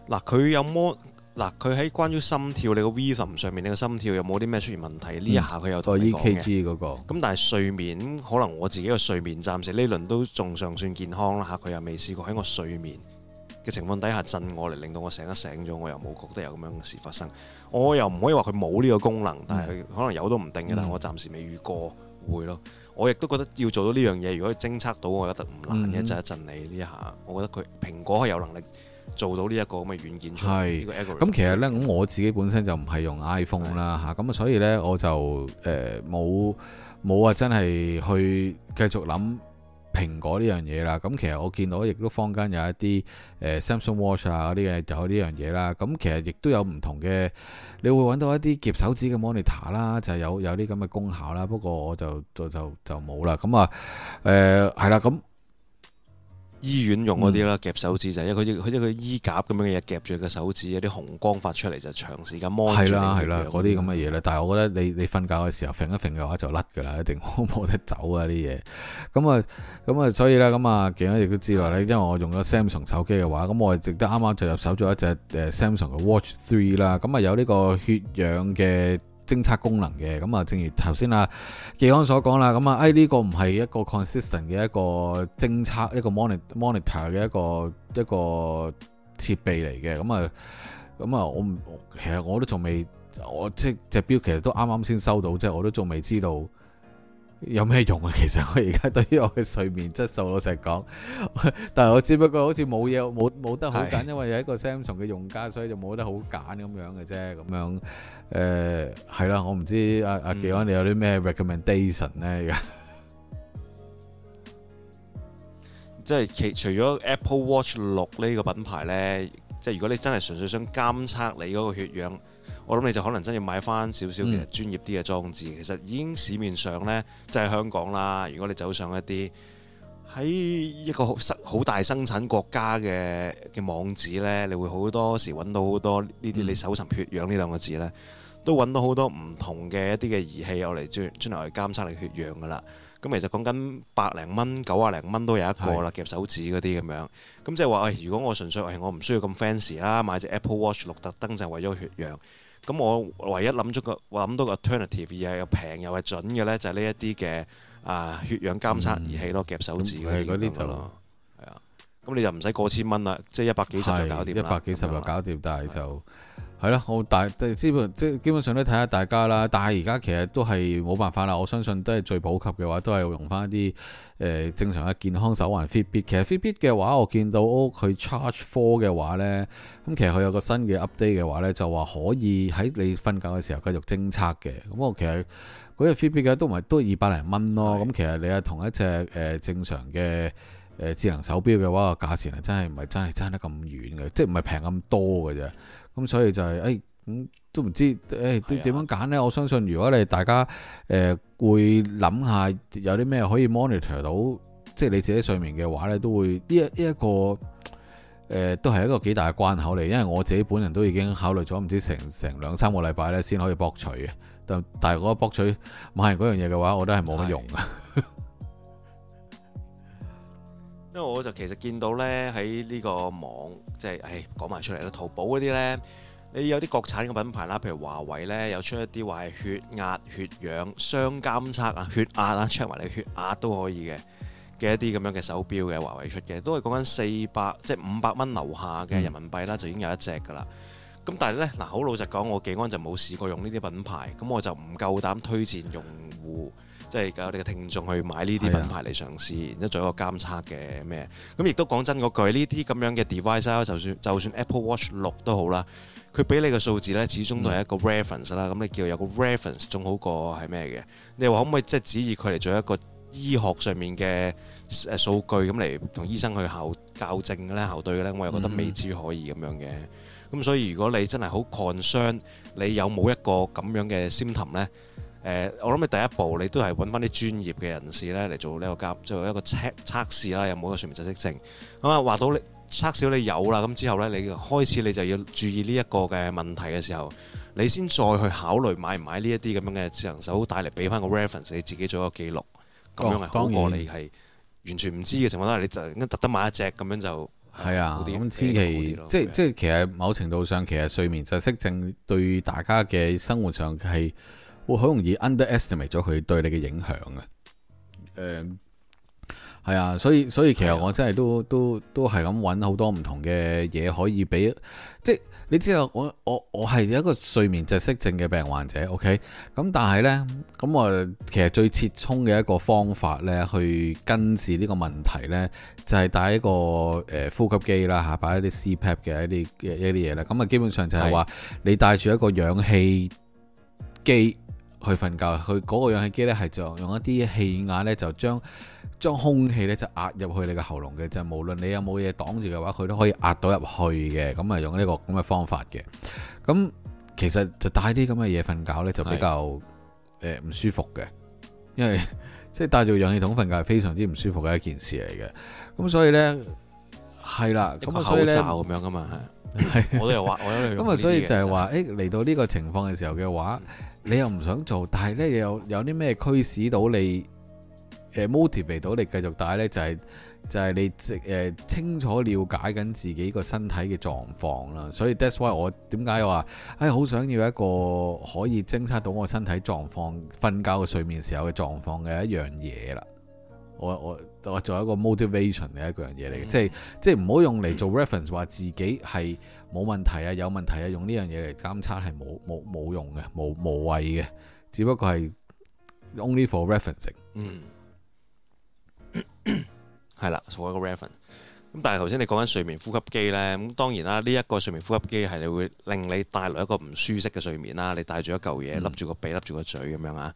嗱，佢有冇？嗱，佢
喺關於心跳，你個 V 心上面，你個心跳有冇啲咩出現問題？呢、嗯、一下佢又同我講嘅。咁、哦 EKG 嗰個、但係睡眠，可能我自己嘅睡眠暫時呢輪都仲尚算健康啦嚇，佢又未試過喺我睡眠嘅情況底下震我嚟，令到我成日醒咗，我又冇覺得有咁樣嘅事發生。我又唔可以話佢冇呢個功能，但係佢可能有都唔定嘅，嗯、但係我暫時未遇過會咯。我亦都覺得要做到呢樣嘢，如果要偵測到，我覺得唔難、嗯、一陣一陣你呢一下，我覺得佢蘋果係有能力。做到呢一個咁嘅軟件出嚟，咁其實
呢，咁我自己本身就唔係用 iPhone 啦嚇係、啊，咁所以呢，我就誒冇冇啊，呃、真係去繼續諗蘋果呢樣嘢啦。咁其實我見到亦都坊間有一啲誒 Samsung Watch 啊啲嘅有呢樣嘢啦。咁其實亦都有唔同嘅，你會揾到一啲夾手指嘅 monitor 啦，就係、有有啲咁嘅功效啦。不過我就就就就冇啦。咁啊誒係啦咁。嗯
醫院用嗰啲啦，夾手指就係一個、嗯、一一佢衣夾咁樣嘅嘢夾住個手指，有啲紅光發出
嚟就長時間摸住嚟。係啦係啦，嗰啲咁嘅嘢咧。但係我覺得你你瞓覺嘅時候揈一揈嘅話就甩㗎啦，一定冇得走啊啲嘢。咁啊咁啊，所以咧咁啊，幾多亦都知啦咧。因為我用咗 Samsung 手機嘅話，咁我係值得啱啱就入手咗一隻誒 Samsung 嘅 Watch Three 啦。咁啊有呢個血氧嘅偵測功能嘅咁啊，正如頭先啊技安所講啦，咁啊誒呢個唔係一個 consistent 嘅一個偵測一個 monitor monitor 嘅一個一個設備嚟嘅，咁啊咁啊，我唔，其實我都仲未，我即係隻錶其實都啱啱先收到，即係我都仲未知道。有咩用啊？其實我而家對於我嘅睡眠質素，老實講，但係我只不過好似冇嘢，冇冇得好揀，是因為有一個 Samsung 嘅用家，所以就冇得好揀咁樣嘅啫。咁樣誒係啦，我唔知阿阿紀安你有啲咩 recommendation 咧？而家、嗯、
即係其除咗 Apple Watch 六呢個品牌咧，即係如果你真係純粹想監測你嗰個血氧。我諗你就可能真要買翻少少，其實專業啲嘅裝置。嗯、其實已經市面上呢，就係、是、香港啦。如果你走上一啲喺一個好好大生產國家嘅嘅網址呢，你會好多時揾到好多呢啲。你搜尋「血氧」呢兩個字呢，都揾到好多唔同嘅一啲嘅儀器來，我嚟專專嚟去監測你血氧噶啦。咁其實講緊百零蚊、九啊零蚊都有一個啦，夾手指嗰啲咁樣。咁即係話，如果我純粹係我唔需要咁 fancy 啦，買隻 Apple Watch 六特登就係為咗血氧。咁我唯一諗咗個諗到個 alternative 而又平又係準嘅咧，就係、是、呢一啲嘅啊血氧監測儀器咯，嗯、夾手指嗰啲咯。咁係嗰啲就係啊，
咁你就唔使過千蚊啦，即、就、係、是、一百幾十就搞掂，一百幾十就搞掂，但係就。係咯，我大即基本即基本上都睇下大家啦。但係而家其實都係冇辦法啦。我相信都係最普及嘅話，都係用翻一啲誒正常嘅健康手環 Fitbit。其實 Fitbit 嘅話，我見到佢 Charge Four 嘅話呢，咁其實佢有個新嘅 update 嘅話呢，就話可以喺你瞓覺嘅時候繼續偵測嘅。咁我其實嗰隻 Fitbit 都唔係都二百零蚊咯。咁的其實你係同一隻誒正常嘅誒智能手錶嘅話，價錢係真係唔係真係爭得咁遠嘅，即係唔係平咁多嘅啫。咁所以就係、是，誒、哎，咁、嗯、都唔知，誒、哎，點點樣揀呢？的我相信如果你大家，誒、呃，會諗下有啲咩可以 monitor 到，即係你自己睡眠嘅話呢，都會呢一呢一個，誒、呃，都係一個幾大嘅關口嚟。因為我自己本人都已經考慮咗唔知成成兩三個禮拜呢，先可以博取嘅。但但係嗰個博取買完嗰樣嘢嘅話，我都係冇乜用嘅。
因為我就其實見到呢，喺呢個網，即係誒講埋出嚟啦。淘寶嗰啲呢，你有啲國產嘅品牌啦，譬如華為呢，有出一啲話係血壓、血氧雙監測啊，出血壓啊 check 埋你血壓都可以嘅嘅一啲咁樣嘅手錶嘅華為出嘅，都係講緊四百即係五百蚊樓下嘅人民幣啦，嗯、就已經有一隻噶啦。咁但係呢，嗱，好老實講，我幾安就冇試過用呢啲品牌，咁我就唔夠膽推薦用戶。即係教我哋嘅聽眾去買呢啲品牌嚟嘗試，然之後做一個監測嘅咩？咁亦都講真嗰句，呢啲咁樣嘅 device 就算就算 Apple Watch 六都好啦，佢俾你嘅數字咧，始終都係一個 reference 啦、嗯。咁你叫有個 reference 仲好過係咩嘅？你話可唔可以即係、就是、指意佢嚟做一個醫學上面嘅誒數據咁嚟同醫生去校校正呢？校對呢，我又覺得未知可以咁樣嘅。咁、嗯、所以如果你真係好 concern，你有冇一個咁樣嘅 symptom 咧？誒，我諗你第一步，你都係揾翻啲專業嘅人士咧嚟做呢一個監，即係一個測測試啦，有冇一個睡眠窒息症咁啊？話到你測少你有啦，咁之後咧，你開始你就要注意呢一個嘅問題嘅時候，你先再去考慮買唔買呢一啲咁樣嘅智能手帶嚟俾翻個 reference 你自己做一個記錄，咁樣係好過你係完全唔知嘅情況下，你就特登買一隻咁樣就
係啊。咁千祈即即係其實某程度上，其實睡眠窒息症對大家嘅生活上係。會好容易 underestimate 咗佢對你嘅影響啊！誒、呃，係啊，所以所以其實我真係都是、啊、都都係咁揾好多唔同嘅嘢可以俾，即你知道我我我係一個睡眠窒息症嘅病患者，OK？咁但係呢，咁我其實最切衷嘅一個方法呢，去根治呢個問題呢，就係、是、戴一個誒呼吸機啦嚇，擺、啊、一啲 CPAP 嘅一啲一啲嘢啦。咁啊，基本上就係話你戴住一個氧氣機。去瞓覺，佢、那、嗰個氧氣機呢，係就用一啲氣壓呢，就將將空氣呢，就壓入去你個喉嚨嘅，就是、無論你有冇嘢擋住嘅話，佢都可以壓到入去嘅，咁啊用呢、這個咁嘅方法嘅。咁其實就帶啲咁嘅嘢瞓覺呢，就比較誒唔是、呃、舒服嘅，因為即係 帶住氧氣筒瞓覺係非常之唔舒服嘅一件事嚟嘅。咁所以呢，係啦，咁啊口罩咁樣㗎嘛。 我都有話，我咁啊， 所以就係 話，誒嚟到呢個情況嘅時候嘅話，你又唔想做，但係咧有有啲咩驅使到你誒、uh, motivate 到你繼續帶咧，就係、是、就係、是、你誒、uh, 清楚了解緊自己個身體嘅狀況啦。所以 that’s why 我點解話，誒好、哎、想要一個可以偵測到我身體狀況、瞓覺嘅睡眠時候嘅狀況嘅一樣嘢啦。我我。或做一個 motivation 嘅一樣嘢嚟嘅，即係即係唔好用嚟做 reference，話自己係冇問題啊，有問題啊，用呢樣嘢嚟監測係冇冇冇用嘅，冇無，無謂嘅，只不過係 only for referencing。嗯，
係啦，做 一個 reference。咁但係頭先你講緊睡眠呼吸機呢，咁當然啦，呢、這、一個睡眠呼吸機係會令你帶來一個唔舒適嘅睡眠啦，你戴住一嚿嘢，笠住、嗯、個鼻，笠住個嘴咁樣啊。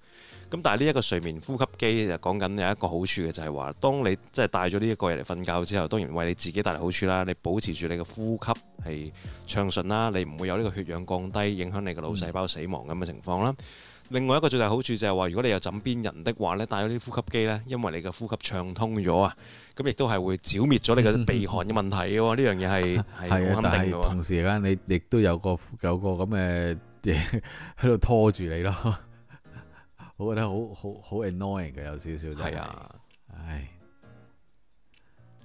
咁但係呢一個睡眠呼吸機就講緊有一個好處嘅，就係話，當你即係戴咗呢一個嘢嚟瞓覺之後，當然為你自己帶來好處啦。你保持住你嘅呼吸係暢順啦，你唔會有呢個血氧降低，影響你嘅腦細胞死亡咁嘅情況啦。嗯嗯。另外一個最大好處就係話，如果你有枕邊人的話咧，帶咗啲呼吸機咧，因為你嘅呼吸暢通咗啊，咁亦都係會剿滅咗你嘅鼻鼾嘅問題喎、哦。呢 樣嘢係係好肯定嘅喎。但係
同時間，你亦都有個有個咁嘅嘢喺度拖住你咯、 啊唉。我覺得好好好 annoying 嘅，有少少真係。唉，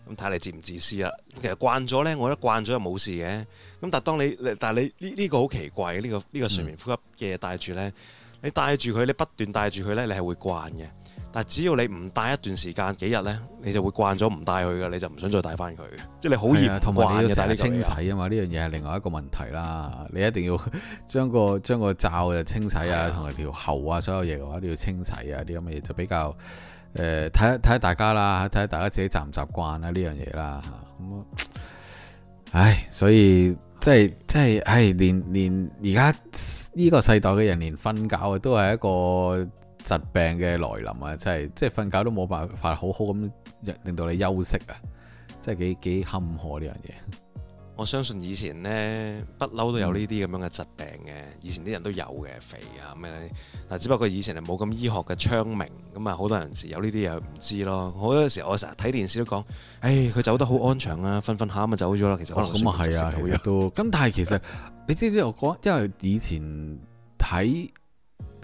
咁睇你自唔自
私啦。其實慣咗咧，我覺得慣咗又冇事嘅。咁但係當你但係你呢呢、呢個好奇怪呢、呢個呢、呢個睡眠呼吸嘅帶住咧。你戴住佢，你不斷戴住佢呢，你係會慣嘅。但只要你唔戴一段時間，幾日呢，你就會慣咗唔戴佢嘅，你就唔想再戴翻佢。嗯、
即係你好熱唔慣嘅。同埋你要清洗啊嘛，呢樣嘢係另外一個問題啦。你一定要將個將個罩就清洗啊，同埋條喉啊，所有嘢嘅話，你要清洗啊，啲咁嘅嘢就比較誒，睇下睇下大家啦，睇下大家自己習唔習慣啦，呢樣嘢啦，咁唉，所以。即係即係唉連連而家呢個世代嘅人，連瞓覺都係一個疾病嘅來臨啊！即係即係瞓覺都冇辦法好好咁令到你休息啊！即係幾幾坎坷呢樣嘢。
我相信以前呢，不嬲都有呢啲咁樣嘅疾病嘅，以前啲人都有嘅，肥啊咩，但只不過以前係冇咁醫學嘅昌明，咁啊好多人時有呢啲又唔知咯。好多時我成日睇電視都講，唉、哎，佢走得好安詳
啊，瞓瞓下咁啊走咗啦。其實咁啊係啊，佢、哦、亦、啊、都咁。但係其實你知唔知我講，因為以前睇，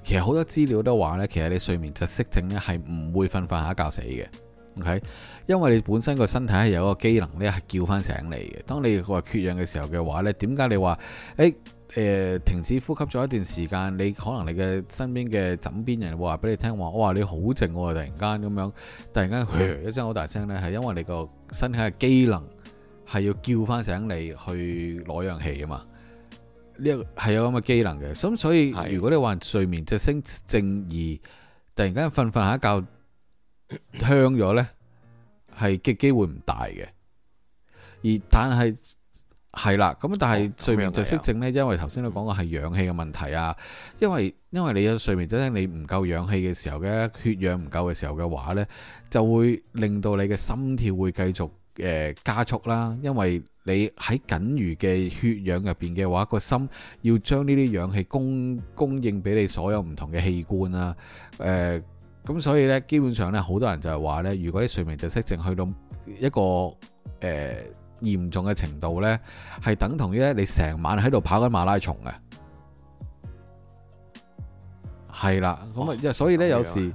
其實好多資料都話呢，其實你睡眠窒息症呢係唔會瞓瞓下覺死嘅。Okay? 因為你本身個身體係有一個機能咧，係叫翻醒你嘅。當你話缺氧嘅時候嘅話咧，點解你話誒誒、呃、停止呼吸咗一段時間，你可能你嘅身邊嘅枕邊人會話俾你聽話，哇你好靜、哦，突然間咁樣，突然間、呃、一聲好大聲呢，係因為你個身體嘅機能係要叫翻醒你去攞氧氣啊嘛。呢係有咁嘅機能嘅，咁所以如果你話睡眠即係升正二，突然間瞓瞓下一覺。香咗呢係嘅機會唔大嘅。而但係係啦，咁但係睡眠窒息症呢，因為頭先你講過係氧氣嘅問題啊，因為因為你有睡眠窒息你唔夠氧氣嘅時候咧，血氧唔夠嘅時候嘅話呢，就會令到你嘅心跳會繼續誒、呃、加速啦。因為你喺僅餘嘅血氧入邊嘅話，個心要將呢啲氧氣供供應俾你所有唔同嘅器官啊，誒、呃。咁所以咧，基本上咧，好多人就係話咧，如果你睡眠窒息症去到一個誒嚴重嘅程度咧，係等同於咧，你成晚喺度跑緊馬拉松嘅，係啦。咁啊，所以咧，有時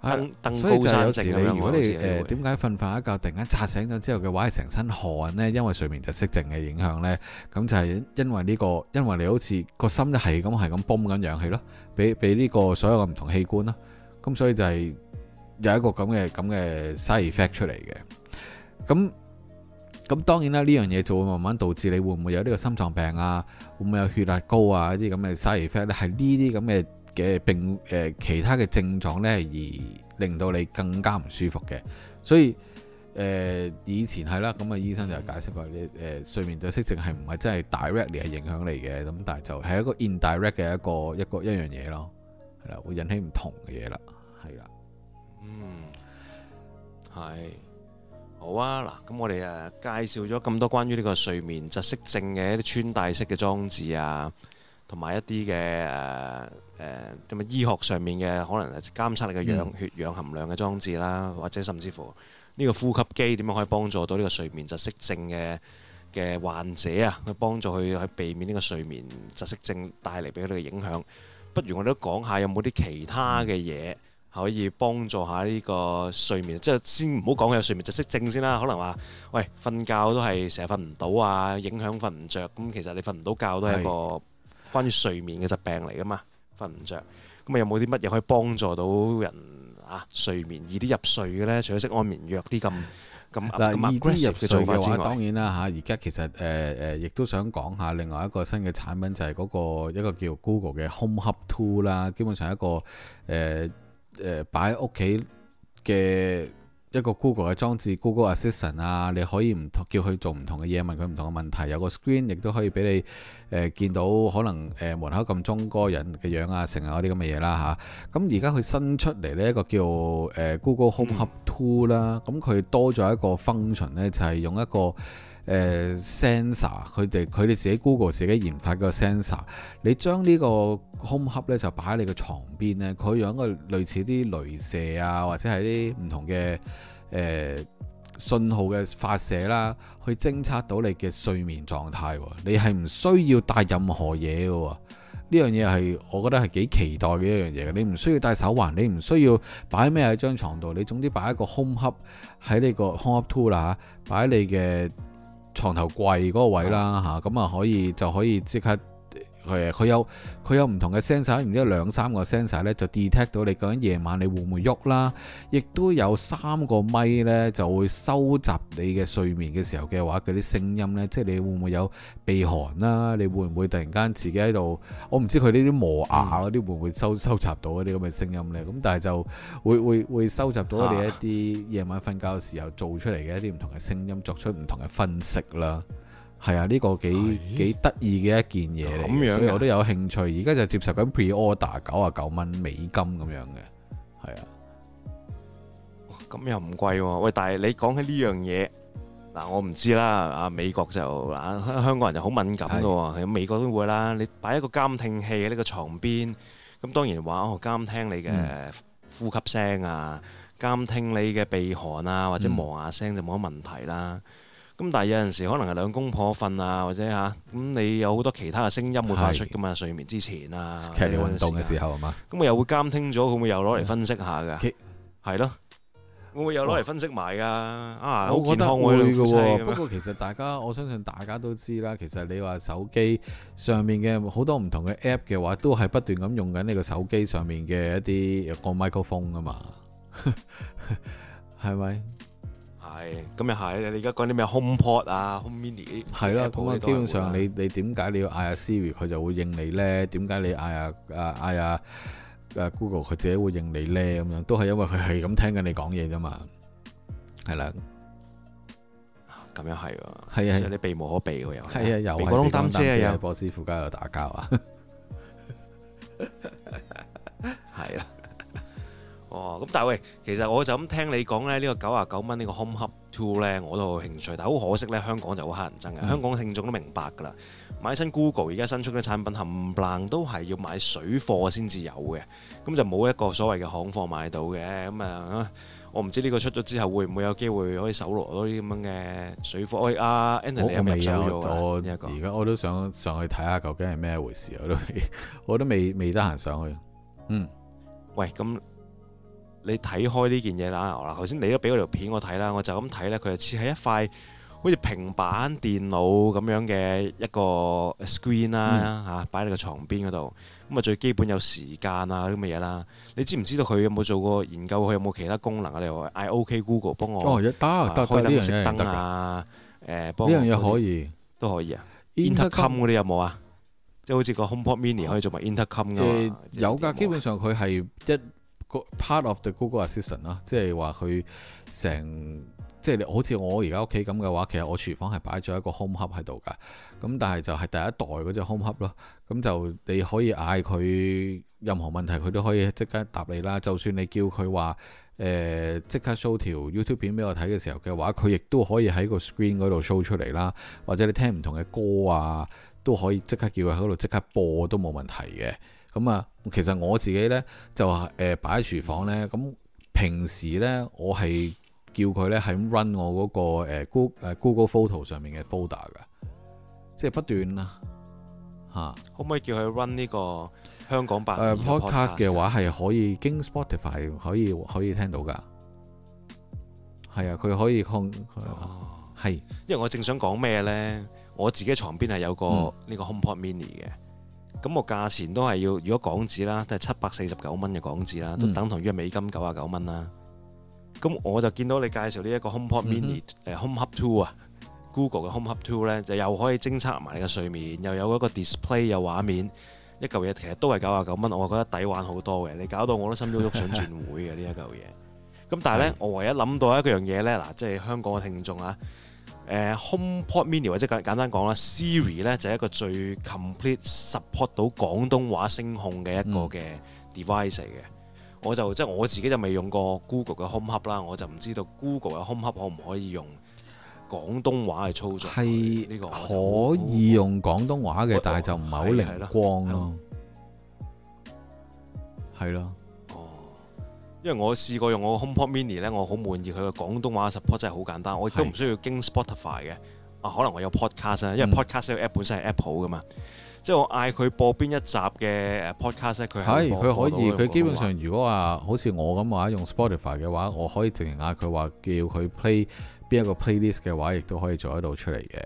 啊，所以就係有時你如果你誒點解瞓瞓一覺，突然間扎醒咗之後嘅話係成身汗咧，因為睡眠窒息症嘅影響咧，咁就係因為呢個，因為你好似個心係咁係咁泵緊氧氣咯，俾俾呢個所有嘅唔同器官咯。咁所以就係有一個咁嘅咁嘅 side effect 出嚟嘅，咁咁當然啦，呢樣嘢就會慢慢導致你會唔會有呢個心臟病啊，會唔會有血壓高啊？一啲咁嘅 side effect 咧，係呢啲咁嘅嘅病誒，其他嘅症狀咧，而令到你更加唔舒服嘅。所以誒、呃，以前係啦，咁啊醫生就係解釋過你誒、呃，睡眠窒息症係唔係真係 directly 嚟嘅影響嚟嘅，咁但係就係一個 indirect 嘅一個一個，一，個一樣嘢咯。嗱，會引起唔同嘅嘢啦，係啦，
嗯，係，好啊！嗱、啊，咁我哋誒介紹咗咁多關於呢個睡眠窒息症嘅一啲穿戴式嘅裝置啊，同埋一啲嘅誒誒，咁啊、呃、醫學上面嘅可能係監測你嘅氧血氧含量嘅裝置啦、啊，或者甚至乎呢個呼吸機點樣可以幫助到呢個睡眠窒息症嘅嘅患者啊，去幫助佢去避免呢個睡眠窒息症帶嚟俾佢嘅影響。不如我哋都講下有冇啲其他嘅嘢可以幫助下呢個睡眠，即係先唔好講有睡眠窒息症先啦。可能話，喂，瞓覺都係成日瞓唔到啊，影響瞓唔着。咁其實你瞓唔到覺都係一個關於睡眠嘅疾病嚟㗎嘛，瞓唔着。咁咪有冇啲乜嘢可以幫助到人啊睡眠易啲入睡嘅呢？除咗食安眠藥啲咁。咁，嗱，二 D 入序嘅話，當
然啦吓，而家其實誒誒、呃呃，亦都想講下另外一個新嘅產品，就係、是、嗰個一個叫 Google 嘅 Home Hub Two 啦，基本上係一個誒誒擺喺屋企嘅。呃呃一個 Google 嘅裝置，Google Assistant 啊，你可以唔叫佢做唔同嘅嘢，問佢唔同嘅問題，有個 screen 亦都可以俾你誒、呃、見到，可能誒、呃、門口咁中高人嘅樣啊，成日嗰啲咁嘅嘢啦吓，咁而家佢新出嚟呢一個叫誒、呃、Google Home Hub Two 啦，咁佢多咗一個 function 呢，就係、是、用一個。誒 sensor，呃、佢哋佢哋自己 Google 自己研發 ensor, 將個 sensor，你將呢個空盒呢，就擺喺你個床邊咧，佢有個類似啲雷射啊，或者係啲唔同嘅誒、呃、信號嘅發射啦，去偵測到你嘅睡眠狀態啊。你係唔需要帶任何嘢嘅喎，呢樣嘢係我覺得係幾期待嘅一樣嘢。你唔需要帶手環，你唔需要擺咩喺張床度，你總之擺一個空盒喺你個空盒 two 啦嚇，擺喺你嘅。床頭櫃嗰個位啦嚇，咁啊可以就可以即刻。佢有佢有唔同嘅 sensor，唔知兩三個 sensor 咧就 detect 到你究竟夜晚你會唔會喐啦？亦都有三個咪呢就會收集你嘅睡眠嘅時候嘅話嗰啲聲音呢，即係你會唔會有鼻鼾啦？你會唔會突然間自己喺度？我唔知佢呢啲磨牙嗰啲會唔會收收集到嗰啲咁嘅聲音咧？咁但係就會會會收集到你一啲夜晚瞓覺嘅時候做出嚟嘅一啲唔同嘅聲音，作出唔同嘅分析啦。係啊，呢、這個幾幾得意嘅一件嘢咁、啊、所以我都有興趣。而家就接受緊 pre-order 九啊九蚊美金咁樣嘅，係
啊，咁又唔貴喎。喂，但係你講起呢樣嘢，嗱我唔知啦。啊，美國就啊，香港人就好敏感嘅喎，是美國都會啦。你擺一個監聽器喺、啊、呢、這個床邊，咁當然話哦監聽你嘅呼吸聲啊，監、嗯、聽你嘅鼻鼾啊，或者磨牙聲就冇乜問題啦。嗯咁但係有陣時可能係兩公婆瞓啊，或者嚇咁你有好多其他嘅聲音會發出噶嘛？睡眠之前啊，劇烈運動嘅時候係嘛？咁我又會監聽咗，會唔會又攞嚟分析下㗎？
係咯，會
唔會又攞嚟分析埋㗎？啊，好健康喎！我覺得會。不過其
實大家我相信大家都知啦，其實你話手機上面嘅好多唔同嘅 App 嘅話，都係不斷咁用緊你個手機上面嘅一啲個 microphone 啊嘛，係咪？係，咁又係，你而家講啲咩 HomePod 啊，Home
Mini，係咯，咁啊，i, 的基本上
你你點解你要嗌阿 Siri，佢就會應你咧？點解你嗌啊啊嗌啊，誒 Google，佢自己會應你咧？咁樣都係因為佢係咁聽緊你講嘢啫嘛，係啦，咁又係喎，係啊，有啲避無可避喎又，係啊，又嗰種單車又，波斯富街度打交
啊！哦，咁但係其實我就咁聽你講咧，呢個九啊九蚊呢個 Home Hub Two 咧，我都好興趣。但係好可惜咧，香港就好乞人憎嘅。香港聽眾都明白㗎啦，買新 Google 而家新出嘅產品冚唪都係要買水貨先至有嘅，咁就冇一個所謂嘅行貨買到嘅。咁啊，我唔知呢個出咗之後會唔會有機會可以搜羅多啲咁樣嘅水貨。我阿 Anthony 係咪入咗
啊？而家我都想上去睇下究竟係咩一回事。我都我都未未得閒上去。嗯，喂，咁。
你睇開呢件嘢啦，我頭先你都俾嗰條片我睇啦，我就咁睇咧，佢就似喺一塊好似平板電腦咁樣嘅一個 screen 啦、啊、嚇，擺你個床邊嗰度。咁啊，最基本有時間啊啲咁嘅嘢啦。你知唔知道佢有冇做過研究？佢有冇其他功能啊？你話 I O、OK、K Google 幫我哦，得得，呢樣嘢得嘅。開燈熄燈啊，誒，幫我。呢樣嘢可以，都、嗯、可以啊。Intercom 嗰啲有冇啊？即係好似個
HomePod Mini 可以做埋 Intercom 噶。誒、呃、有㗎，基本上佢係一。Part of the Google Assistant 啦，即係話佢成，即係你好似我而家屋企咁嘅話，其實我廚房係擺咗一個 Home Hub 喺度㗎，咁但係就係第一代嗰隻 Home Hub 咯，咁就你可以嗌佢任何問題佢都可以即刻答你啦。就算你叫佢話誒，即刻 show 條 YouTube 片俾我睇嘅時候嘅話，佢亦都可以喺個 screen 嗰度 show 出嚟啦。或者你聽唔同嘅歌啊，都可以即刻叫佢喺度即刻播都冇問題嘅。咁啊、嗯，其實我自己咧就誒擺喺廚房咧。咁、嗯、平時咧，我係叫佢咧喺 run 我嗰、那個 Go 誒、呃、Google Photo 上面嘅 folder 噶，即係不斷啦嚇。
啊、可唔可以叫佢 run 呢個香港版、啊？誒，Podcast 嘅話
係可以、嗯、經 Spotify 可以可以，可以聽到噶。係啊，佢可以 con 係。
哦、是因為我正想講咩咧，我自己床邊係有個呢個 HomePod Mini 嘅。嗯咁個價錢都係要，如果港紙啦，都係七百四十九蚊嘅港紙啦，都、嗯、等同於美金九啊九蚊啦。咁我就見到你介紹呢一個 HomePod Mini，Home Hub Two 啊、嗯、Google 哼嘅、呃、Home Hub Two 咧、啊、就又可以偵測埋你嘅睡眠，又有一個 display 有畫面，一嚿嘢其實都係九啊九蚊，我覺得抵玩好多嘅。你搞到我都心喐喐想轉會嘅呢 一嚿嘢。咁但係呢， 我唯一諗到一個樣嘢呢，嗱，即係香港嘅聽眾啊。誒 HomePod Mini 或者簡簡單講啦，Siri 咧就係一個最 complete support 到廣東話聲控嘅一個嘅 device 嚟嘅。嗯、我就即係、就係、我自己就未用過 Google 嘅 Home Hub 啦，我就唔知道 Google 嘅 Home Hub 可唔可以用廣
東話去操作？係呢是個可以用廣東話嘅，但係就唔係好靈光咯，係咯。
因為我試過用我個 HomePod Mini 咧，我好滿意佢嘅廣東話 support 真係好簡單，我亦都唔需要經 Spotify 嘅。啊，可能我有 podcast 因為 podcast 呢 app 本身係 Apple 噶嘛，嗯、即係我嗌佢播邊一集嘅誒 podcast 佢係。佢的可以，佢基本
上如果話、啊、好似我咁話、啊、用 Spotify 嘅話，我可以直接嗌佢話叫佢 play 邊一個 playlist 嘅話，亦都可以做得到出嚟嘅。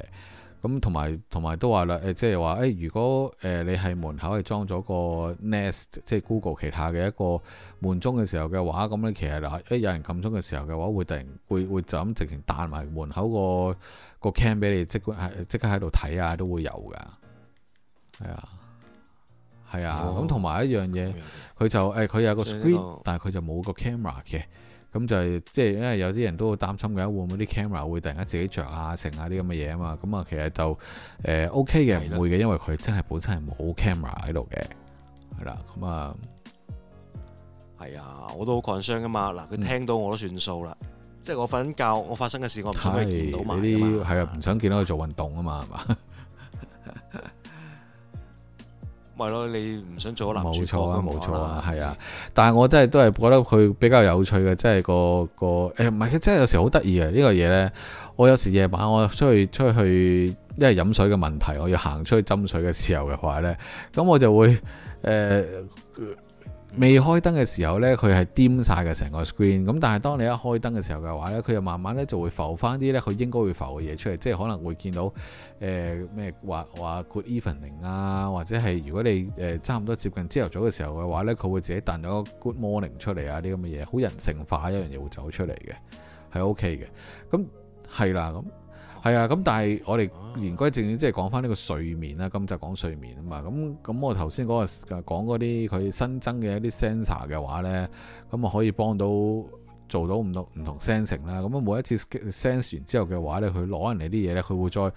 咁同埋同埋都話啦，誒、呃就是欸呃、即係話，誒如果誒你係門口係裝咗個 Nest，即係 Google 其他嘅一個門鐘嘅時候嘅話，咁咧其實啦，一有人撳鐘嘅時候嘅話，會突然會會就咁直情彈埋門口，個個 cam 俾你即，即管係即刻喺度睇啊，都會有噶，係啊，係啊，咁同埋一樣嘢，佢就誒佢、欸、有個 screen，但係佢就冇個 camera 嘅。咁就係即係，因為有啲人都好擔心嘅，會唔會啲 camera 會突然間自己着下、啊、剩下啲咁嘅嘢啊嘛？咁啊，其實就誒、呃、OK 嘅，唔的會嘅，因為佢真係本身係冇 camera 喺度嘅，係啦。咁啊，
係啊，我都好抗傷㗎嘛。嗱，佢聽到我都算數啦。嗯、即係我瞓緊覺，我發生嘅事，我唔想，想見到
嘛。係啊，唔想見到佢做運動啊嘛，係嘛、啊。
咪咯，你唔想做個男主角啊？冇錯啊，冇錯啊，係啊。啊
但係我真係都係覺得佢比較有趣嘅，即係個個誒唔係，即係有時好得意啊。呢個嘢呢，我有時夜晚我出去出去，因為飲水嘅問題，我要行出去斟水嘅時候嘅話呢，咁我就會誒。欸嗯呃未開燈嘅時候呢，佢係掂晒嘅成個 screen。咁但係當你一開燈嘅時候嘅話呢，佢又慢慢呢就會浮翻啲呢，佢應該會浮嘅嘢出嚟，即係可能會見到誒咩話話 good evening 啊，或者係如果你誒、呃、差唔多接近朝頭早嘅時候嘅話呢，佢會自己彈咗個 good morning 出嚟啊啲咁嘅嘢，好人性化一樣嘢會走出嚟嘅，係 OK 嘅。咁係啦咁。係啊，咁、嗯、但係我哋言歸正傳，即係講翻呢個睡眠啦。今集就講睡眠啊嘛。咁、嗯、咁、嗯、我頭先嗰個講嗰啲佢新增嘅一啲 sensor 嘅話呢，咁、嗯、啊可以幫到做到唔同唔同 sensing 啦。咁、嗯、每一次 sense 完之後嘅話呢，佢攞人哋啲嘢呢，佢會再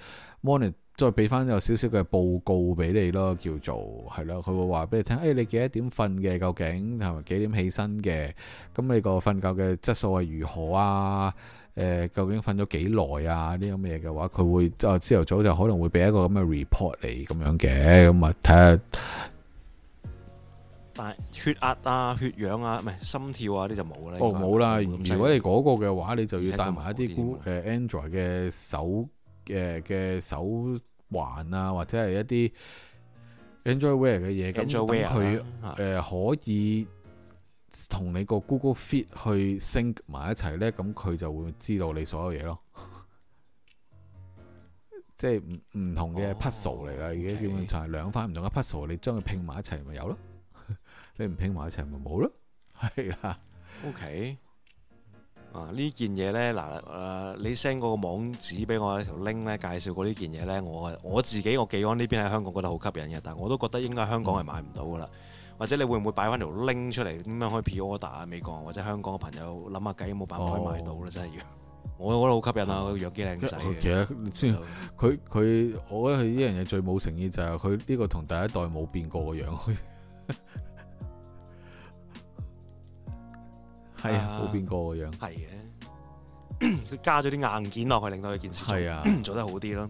monitor 再俾翻有少少嘅報告俾你咯，叫做係啦。佢會話俾你聽，誒、哎、你幾多點瞓嘅？究竟係咪幾點起身嘅？咁、嗯、你個瞓覺嘅質素係如何啊？誒，究竟瞓咗幾耐啊？呢啲咁嘅嘢嘅話，佢會誒，朝頭早就可能會俾一個咁嘅 report 嚟，咁樣嘅咁啊，睇下。但係血壓啊、血氧啊、
唔係心跳啊，呢啲就冇啦。哦，冇啦。
如果你嗰個嘅話，你就要帶埋一啲誒、呃、Android 嘅手誒嘅、呃、手環啊，或者係一啲 And Android Wear 嘅嘢咁，咁佢誒可以。同你個 Google Fit 去 sync 埋一齊呢，咁佢就會知道你所有嘢咯。 即係唔唔同嘅 puzzle 嚟啦，而家叫就係兩塊唔同嘅 puzzle，你將佢拼埋一齊咪有咯 了、okay. 啊呃。你唔拼埋一齊咪冇咯。係啦，OK。
啊，呢件嘢呢，嗱，誒，你 send 嗰個網址俾我一條 link 呢，介紹過呢件嘢呢。我我自己我記得呢邊喺香港覺得好吸引嘅，但我都覺得應該香港係買唔到噶啦。嗯或者你會唔會擺翻條拎出嚟點樣可以 pre-order 啊？美國 order，或者香港嘅朋友諗下計有冇辦法可以買到咧？真係要、oh，
我覺得好吸引啊！個樣幾靚仔嘅。其實都，佢佢，我覺得佢呢樣嘢最冇誠意就係佢呢個同第一代冇變過個樣。
係、 uh, 啊，冇、uh，變過
個樣。係嘅，
佢加咗啲硬件落去，令到佢件事係啊 is、uh. 做得好啲啦。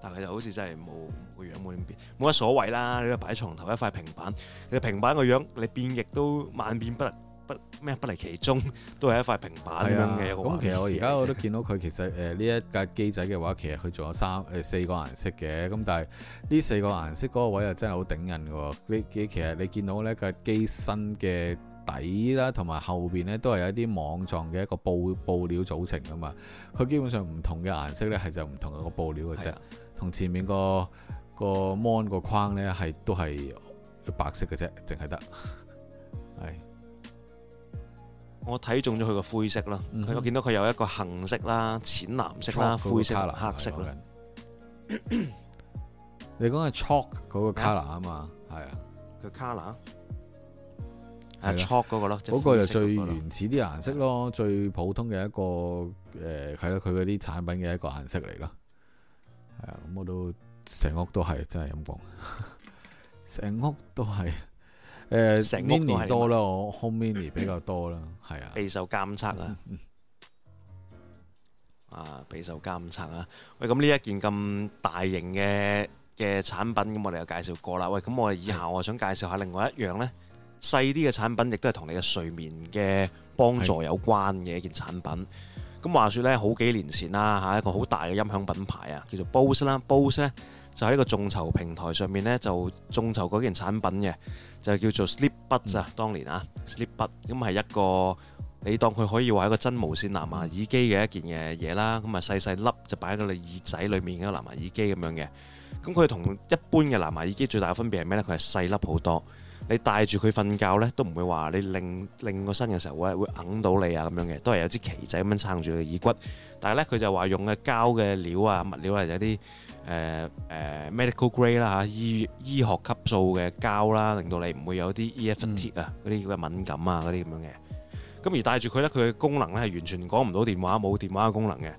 但係就好似真係冇個樣冇點變，冇乜所謂啦。你又擺床頭一塊平板，你平板個樣你變亦都萬變不不咩不
離其中，都係一塊平板咁樣嘅。咁其實我而家我都見到佢 其實誒呢一架機仔嘅話，其實佢仲有三誒、呃、四個顏色嘅。咁但係呢四個顏色嗰個位又真係好頂人嘅喎。其實你見到咧個機身嘅底啦，同埋後邊咧都係有一啲網狀嘅一個布布料組成嘅嘛。佢基本上唔同嘅顏色咧係就唔、是、同嘅個布料嘅啫。同前面個個 mon 個框咧，係都係白色嘅啫，淨係得。係，
我睇中咗佢個灰色咯。我見到佢有一個杏色啦、淺藍色啦、灰色、黑
色。你講係 chalk 嗰個 color 啊嘛，係啊。佢 color
係 chalk 嗰個咯，嗰個就最原
始啲顏色咯，最普通嘅一個誒係啦，佢嗰啲產品嘅一個顏色嚟咯。係啊，咁、嗯、我都成屋都係，真係咁講，成屋都係，誒 m a n 多啦，我 home mini 比較多啦，
係啊，啊， 啊，備受監測啊，啊，備受監測啊，喂，咁呢一件咁大型嘅嘅產品，咁我哋又介紹過啦，喂，咁我啊，以下我想介紹下另外一樣咧細啲嘅產品，亦都係同你嘅睡眠嘅幫助有關嘅一件產品。咁話説咧，好幾年前啦嚇，一個好大嘅音響品牌啊，叫做 Bose 啦。Bose 呢，就喺一個眾籌平台上面呢，就眾籌嗰件產品嘅就叫做 Sleepbud 啊。當年啊 Sleepbud。咁係一個你當佢可以話一個真無線藍牙耳機嘅一件嘅嘢啦。咁啊細細粒就擺喺度你耳仔裏面嘅藍牙耳機咁樣嘅。
咁佢同
一般嘅藍牙耳機最大嘅分別係咩呢？佢係細粒好多。你戴住佢瞓覺咧，都唔會話你擰擰個身嘅時候會會揞到你啊咁樣嘅，都係有支旗仔咁樣撐住你嘅耳骨。但係咧，佢就話用嘅膠嘅料啊，物料係、啊、有啲誒誒 medical grade 啦、啊、嚇，醫醫學級數嘅膠啦，令到你唔會有啲 eft 啊嗰啲、嗯、敏感啊嗰啲咁樣嘅。咁而戴住佢咧，佢嘅功能咧係完全講唔到電話，冇電話嘅功能嘅，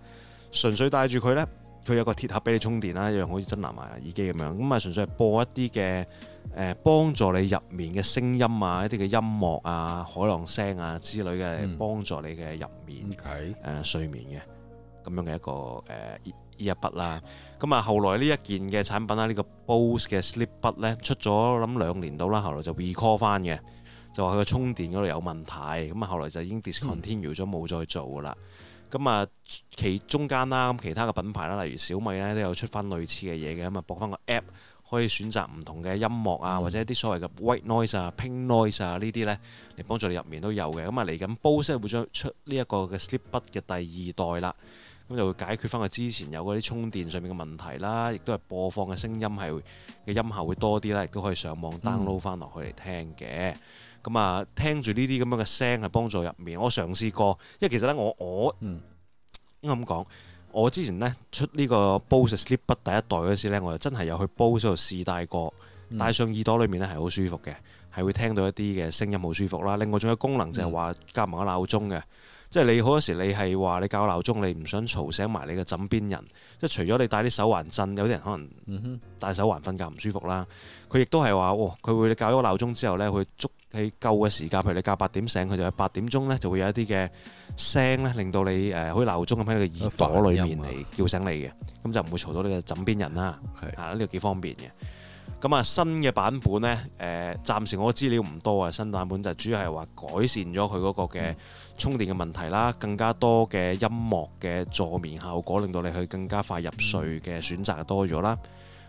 純粹戴住佢咧，佢有個鐵盒俾你充電啦，一樣好似真藍牙耳機咁樣。咁啊，純粹係播一啲嘅。誒幫助你入眠嘅聲音啊，一啲嘅音樂啊、海浪聲啊之類嘅，嗯、幫助你嘅入眠誒睡眠嘅咁、嗯 okay. 樣嘅一個誒依、呃、一支筆啦。咁啊，後來呢一件嘅產品啦，呢個 Bose 嘅 Sleep 筆咧出咗諗兩年到啦，後來，這個、後來就 recall 翻嘅，就話佢個充電嗰度有問題。咁啊，後來就已經 discontinue 咗，冇、嗯、再做噶啦。咁啊，其中間啦，咁其他嘅品牌啦，例如小米咧都有出翻類似嘅嘢嘅，咁啊，駁翻個 App。可以選擇唔同嘅音樂啊，或者一啲所謂嘅 white noise 啊、pink noise 啊呢啲呢嚟幫助你入眠都有嘅。咁啊嚟緊，Bose 會將出呢一個嘅 Sleepbud 嘅第二代啦，咁就會解決翻佢之前有嗰啲充電上面嘅問題啦，亦都係播放嘅聲音係嘅音效會多啲啦，亦都可以上網 download 翻落去嚟聽嘅。咁啊、嗯嗯，聽住呢啲咁樣嘅聲係幫助入面。我嘗試過，因為其實呢，我我應該咁講。嗯我之前呢，出呢個 Bose Sleep 筆第一代嗰時呢，我就真係有去 Bose 度試戴過，戴上耳朵裏面呢係好舒服嘅，係會聽到一啲嘅聲音好舒服啦。另外仲有功能就係話加埋個鬧鐘嘅。即係你好多時，你係話你校鬧鐘，你唔想嘈醒埋你嘅枕邊人。即係除咗你戴啲手環震，有啲人可能戴手環瞓覺唔舒服啦。佢亦都係話，佢、哦、會你校咗個鬧鐘之後呢，佢捉喺夠嘅時間，譬如你校八點醒，佢就喺八點鐘呢，就會有一啲嘅聲呢，令到你誒好似鬧鐘咁喺你嘅耳朵裏面嚟、啊、叫醒你嘅，咁就唔會嘈到你嘅枕邊人啦。係呢個幾方便嘅。咁啊，新嘅版本呢，誒、呃、暫時我嘅資料唔多啊。新版本就主要係話改善咗佢嗰個嘅、嗯。充電嘅問題啦，更加多嘅音樂嘅助眠效果，令到你去更加快入睡嘅選擇多咗啦。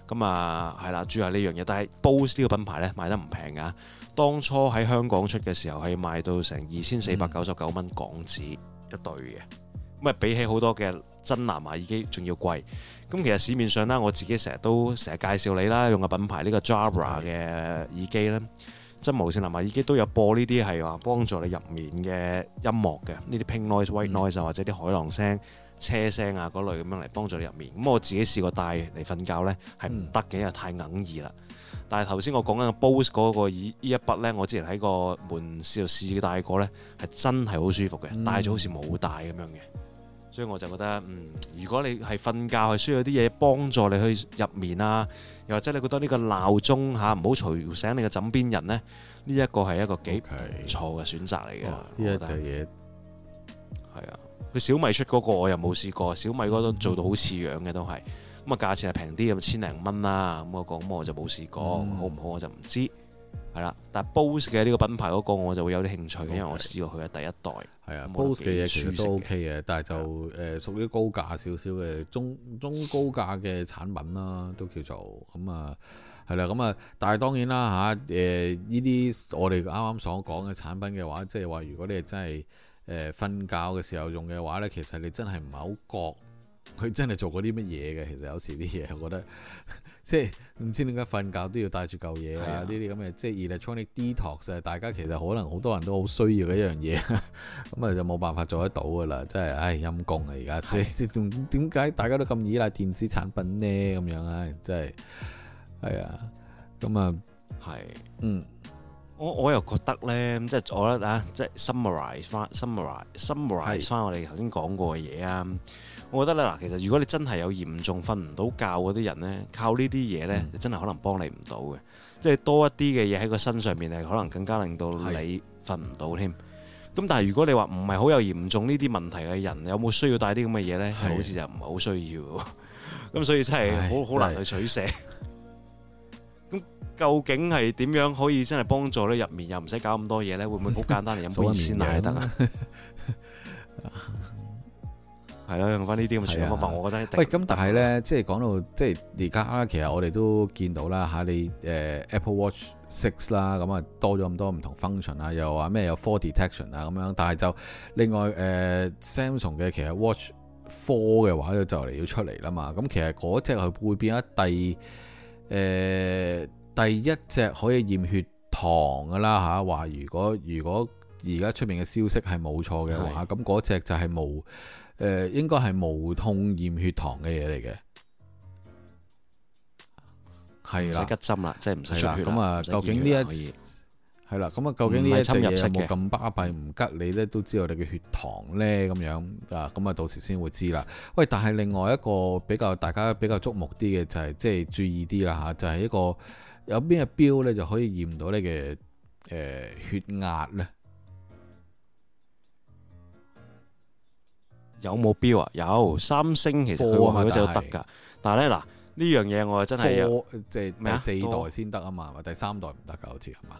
咁、嗯、啊，係啦，注意下呢樣嘢。但係 Bose 呢個品牌呢，賣得唔平㗎，當初喺香港出嘅時候係賣到成二千四百九十九蚊港紙一對嘅，咁啊、嗯、比起好多嘅真藍牙耳機仲要貴。咁其實市面上啦，我自己成日都成日介紹你啦，用嘅品牌呢、這個 Jabra 嘅耳機咧。即係無線藍牙耳機都有播呢啲係話幫助你入眠嘅音樂嘅，呢啲 pink noise、white noise 啊，或者啲海浪聲、車聲啊嗰類咁樣嚟幫助你入眠。咁我自己試過戴嚟瞓覺呢，係唔得嘅，因為太硬耳啦。但係頭先我講緊嘅 Bose 嗰個 earbuds 咧，ud, 我之前喺個門市度試戴過呢，係真係好舒服嘅，戴咗好似冇戴咁樣嘅。所以我就覺得，嗯，如果你係瞓覺係需要啲嘢幫助你去入眠啊，又或者你覺得呢個鬧鐘嚇唔好吵醒你嘅枕邊人呢，呢、這個、一個係一個幾唔錯嘅選擇嚟嘅。呢一隻嘢係啊，佢小米出嗰個我又冇試過，小米嗰個做到好似樣嘅、嗯、都係，咁啊價錢係平啲咁千零蚊啦，咁、那、嗰個咁我就冇試過，好唔好我就唔知。嗯係啦，但係 Bose 嘅呢個品牌嗰個我就會有啲興趣，因為我試過佢嘅第一
代。係啊的、嗯、Bose 嘅嘢其實都 OK 嘅，的但係就誒屬於高價少少嘅中中高價嘅產品啦，都叫做咁啊係啦，咁啊，但係當然啦吓，誒呢啲我哋啱啱所講嘅產品嘅話，即係話如果你係真係誒瞓覺嘅時候用嘅話咧，其實你真係唔係好覺佢真係做過啲乜嘢嘅，其實有時啲嘢我覺得。即係唔知點解瞓覺都要帶住嚿嘢啊！呢啲咁嘅即係 electronic detox 係大家其實可能好多人都好需要嘅一樣嘢，咁啊就冇辦法做得到噶啦！真係唉陰公啊！而家即係點點解大家都咁依賴電視產品呢？咁樣啊，真係係啊，咁啊係嗯，我我又覺得咧，
即係我覺得啊，即係 summarise 翻，summarise，summarise 翻我哋頭先講過嘅嘢啊。我覺得咧嗱，其實如果你真係有嚴重瞓唔到覺嗰啲人咧，靠呢啲嘢咧，真係可能幫你唔到嘅。嗯、即係多一啲嘅嘢喺個身上面，係可能更加令到你瞓唔到添。咁是的 但係如果你話唔係好有嚴重呢啲問題嘅人，有冇需要帶啲咁嘅嘢咧？是的 好似就唔係好需要。咁 所以真係好好難去取捨。咁 究竟係點樣可以真係幫助咧入眠又唔使搞咁多嘢咧？會唔會好簡單嚟飲杯鮮奶得啊？
係咯，用翻呢啲咁嘅方式，的我覺得一定。喂，咁但係咧，嗯，即係講到即係而家，其實我哋都見到啦吓，你誒 Apple Watch Six 啦，咁啊多咗咁多唔同 function 啊，又話咩有 Fall Detection 啊咁樣。但係就另外誒 Samsung 嘅其實 Watch Four 嘅話就嚟要出嚟啦嘛。咁其實嗰隻係會變一第誒第一隻可以驗血糖噶啦吓。話如果如果而家出面嘅消息係冇錯嘅話，咁嗰隻就係冇。誒，應該係無痛驗血糖嘅嘢嚟嘅，係啦，吉針啦，即係唔使出血啦。係啦，咁啊，究竟呢一係啦，咁啊，究竟呢一隻嘢有冇咁巴閉，唔吉你咧，都知道你嘅血糖咧咁樣啊，咁啊，到時先會知啦。喂，但係另外一個比較大家比較矚目啲嘅就係即係注意啲啦吓，就係、是、一個有邊個表咧就可以驗到你嘅誒、呃、血壓咧？有冇錶啊？有三星，其實佢話嗰隻得
噶。但係咧，嗱，呢樣嘢我真係有，即係第四代
先得啊嘛，係咪？第三代唔得噶，好似係嘛？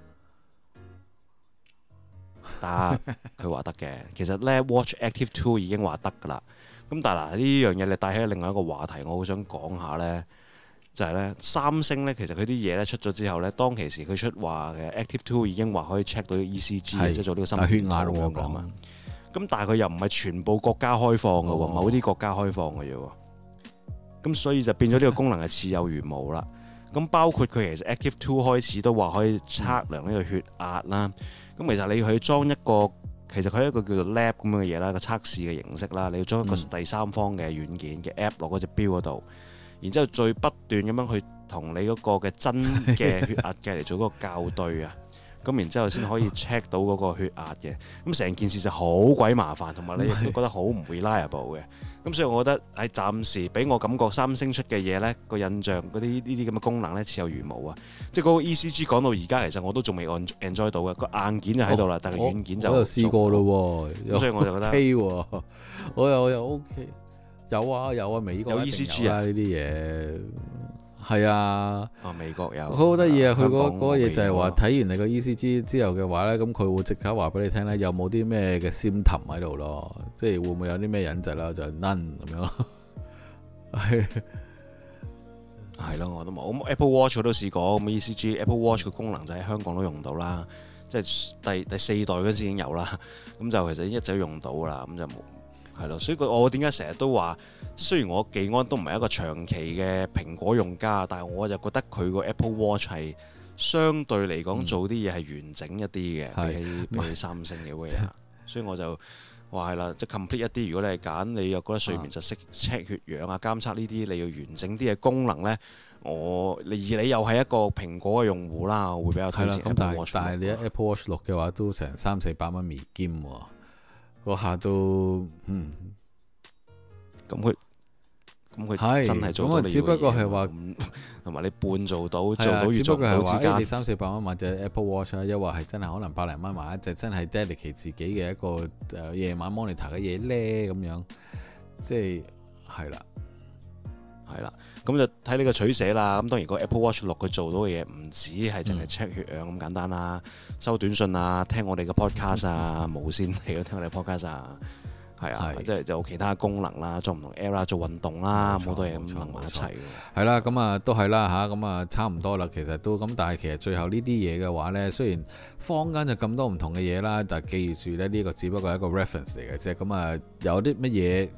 但佢話得嘅，其實咧 Watch Active Two 已經話得噶啦。咁但係嗱，呢樣嘢你帶起另外一個話題，我好想講下咧，就係咧三星咧，其實佢啲嘢咧出咗之後咧，當其時佢出話嘅 Active Two 已經話可以 check 到 ECG，即係做呢個心電圖咁樣。咁但係佢又唔係全部國家開放嘅喎，oh、某啲國家開放嘅嘢喎，咁、oh、所以就變咗呢個功能係似有如無啦。咁 包括佢其實 Active Two 開始都話可以測量呢個血壓啦。咁、嗯、其實你去裝一個，其實佢一個叫做 Lab 咁樣嘅嘢啦，個測試嘅形式啦，你要裝一個第三方嘅軟件嘅 App 落嗰隻表嗰度，然之後再不斷咁樣去同你嗰個嘅真嘅血壓計嚟做嗰個校對啊。 咁然之後先可以 check 到嗰個血壓嘅，咁成件事就好鬼麻煩，同埋你亦都覺得好唔 reliable 嘅。咁所以我覺得喺暫時俾我感覺，三星出嘅嘢咧個印象嗰啲呢啲咁嘅功能咧似有如無啊！即係嗰個 ECG 講到而家，其實我都仲未 enjoy 到嘅，個硬件就喺度啦，哦、但係軟件就我，我，我試過
咯，所以我就覺得 OK、OK、我又又 OK，有啊有啊，美國有 ECG 啊呢啲嘢。係啊，美國有，好得意啊！佢嗰嗰嘢就係話睇完你個 ECG 之後嘅話呢，咁佢會即刻話俾你聽呢，有冇啲咩嘅 symptom 喺度咯？即係會唔會有啲咩隱疾啦？就係 none 咁樣咯，係係咯，我都冇。Apple Watch 我都試過咁 ECG。Apple Watch
嘅功能就喺香港都用到啦，即係第第四代嗰陣時已經有啦，咁就其實一早用到噶啦，咁就冇。係咯，所以個我點解成日都話，雖然我既安都唔係一個長期嘅蘋果用家，但係我就覺得佢個 Apple Watch 係相對嚟講做啲嘢係完整一啲嘅，比起三星嘅 w 是所以我就話係啦，即係 complete 一啲。如果你係揀，你又覺得睡眠就識 check 血氧啊，監測呢啲你要完整啲嘅功能呢。我而你又係一個蘋果嘅用戶啦，
我會比較推薦 Watch。但係你一 Apple Watch 六嘅話，都成三四百蚊未堅喎。個下都，嗯，咁佢，咁佢真係做到你嘅嘢，只不過係
話，同埋 你半做到的做到，只不過係話，間你三
四百蚊買隻 Apple Watch 啊，又或係真係可能百零蚊買一隻，真係 dedicate 自己嘅一個誒、呃、夜晚 monitor 嘅嘢咧，咁樣，即係係啦，
係啦。咁就睇你個取捨啦。咁當然個 Apple Watch 六佢做到嘅嘢唔止係淨係 check 血氧咁簡單啦，嗯、收短信啊，聽我哋嘅 podcast 啊， 無線嚟都聽我
哋 podcast 啊，係啊，是即係有其他功能啦，做唔同 app 啦，做運動、啊、錯啦，好多嘢咁撚埋一齊。係啦，咁啊都係啦吓，咁啊差唔多啦。其實都咁，但係其實最後呢啲嘢嘅話咧，雖然坊間就咁多唔同嘅嘢啦，但係記住咧，呢、呢個只不過係一個 reference 嚟嘅啫。咁啊，有啲乜嘢？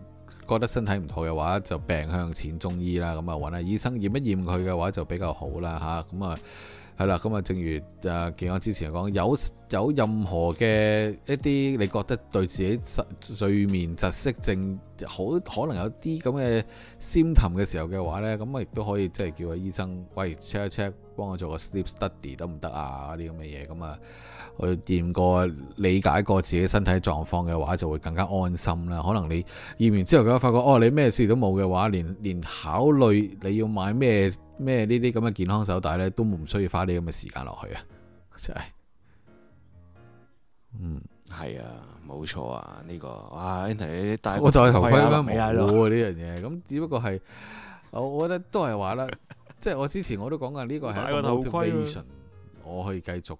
覺得身體唔好嘅話，就病向淺中醫啦。咁啊，揾啊醫生驗一驗佢嘅話，就比較好啦嚇。咁啊，係、啊、啦。咁啊、嗯，正如啊健哥之前講，有有任何嘅一啲你覺得對自己睡睡眠窒息症好可能有啲咁嘅 symptom 嘅時候嘅話呢，咁啊，亦、嗯、都可以即係叫啊醫生，喂 check 一 check，幫我做個 sleep study 得唔得啊？啲咁嘅嘢咁啊。去驗過理解過自己身體狀況嘅話，就會更加安心啦。可能你驗完之後佢發覺，哦，你咩事都冇嘅話，連連考慮你要買咩咩呢啲咁嘅健康手帶咧，都唔需要花啲咁嘅時間落去啊！真、就、係、是，嗯，係啊，冇錯啊，呢、這個哇，你頭、啊、我戴頭盔咩冇啊？呢樣嘢咁，啊、只不過係我覺得都係話啦， 即係我之前我都講嘅呢個係、啊、我可以繼續。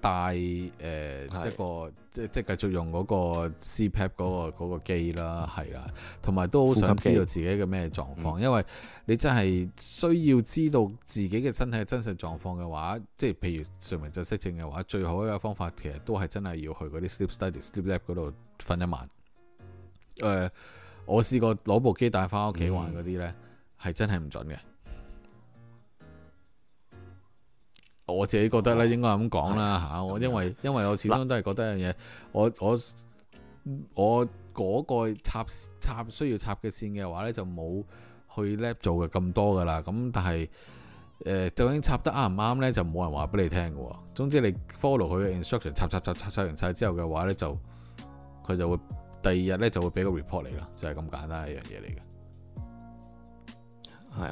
戴誒一個即是即繼續用嗰個 CPAP 嗰、那個嗰、那個、機啦，係啦，同埋都好想知道自己嘅咩狀況，因為你真係需要知道自己嘅身體真實狀況嘅話，即係、嗯、譬如睡眠窒息症嘅話，最好嘅方法其實都係真係要去嗰啲 Sleep Study、Sleep Lab 嗰度瞓一晚。誒、呃，我試過攞部機帶翻屋企玩嗰啲呢，係、嗯、真係唔準嘅。我自己覺得咧，應該係咁講啦嚇。我因為因為我始終都係覺得一樣嘢，我我我嗰個插插需要插嘅線嘅話咧，就冇去 lab 做嘅咁多噶啦。咁但係誒究竟插得啱唔啱咧，就冇人話俾你聽嘅。總之你 follow 佢嘅 instruction 插插插插完晒之後嘅話咧，就佢就會第二日咧就會俾個 report 你咯，就係咁簡單一樣嘢嚟
嘅。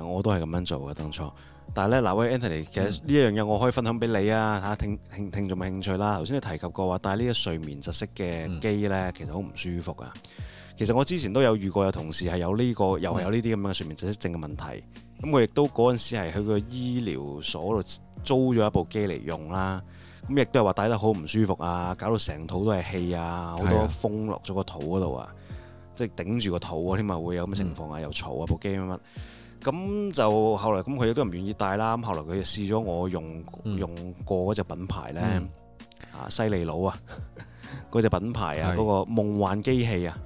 係，我都係咁樣做嘅，當初。但係咧，嗱，喂，Anthony，其實呢一樣嘢我可以分享俾你啊嚇，聽聽聽眾，有冇興趣啦？頭先你提及過話，戴呢個睡眠窒息嘅機咧，其實好唔舒服啊。其實我之前都有遇過有同事係有呢、呢個，又係有呢啲咁嘅睡眠窒息症嘅問題。咁我亦都嗰陣時係去個醫療所度租咗一部機嚟用啦。咁亦都係話戴得好唔舒服啊，搞到成肚都係氣啊，好多的風落咗個肚嗰度啊，即係頂住個肚啊，添啊，會有咩情況啊，嗯、又嘈啊，部機乜乜。咁就後嚟咁佢亦都唔願意戴啦。咁後嚟佢就試咗我用、嗯、用過嗰隻品牌咧，嗯、啊，犀利佬啊，嗰 隻品牌啊，嗰是個夢幻機器啊，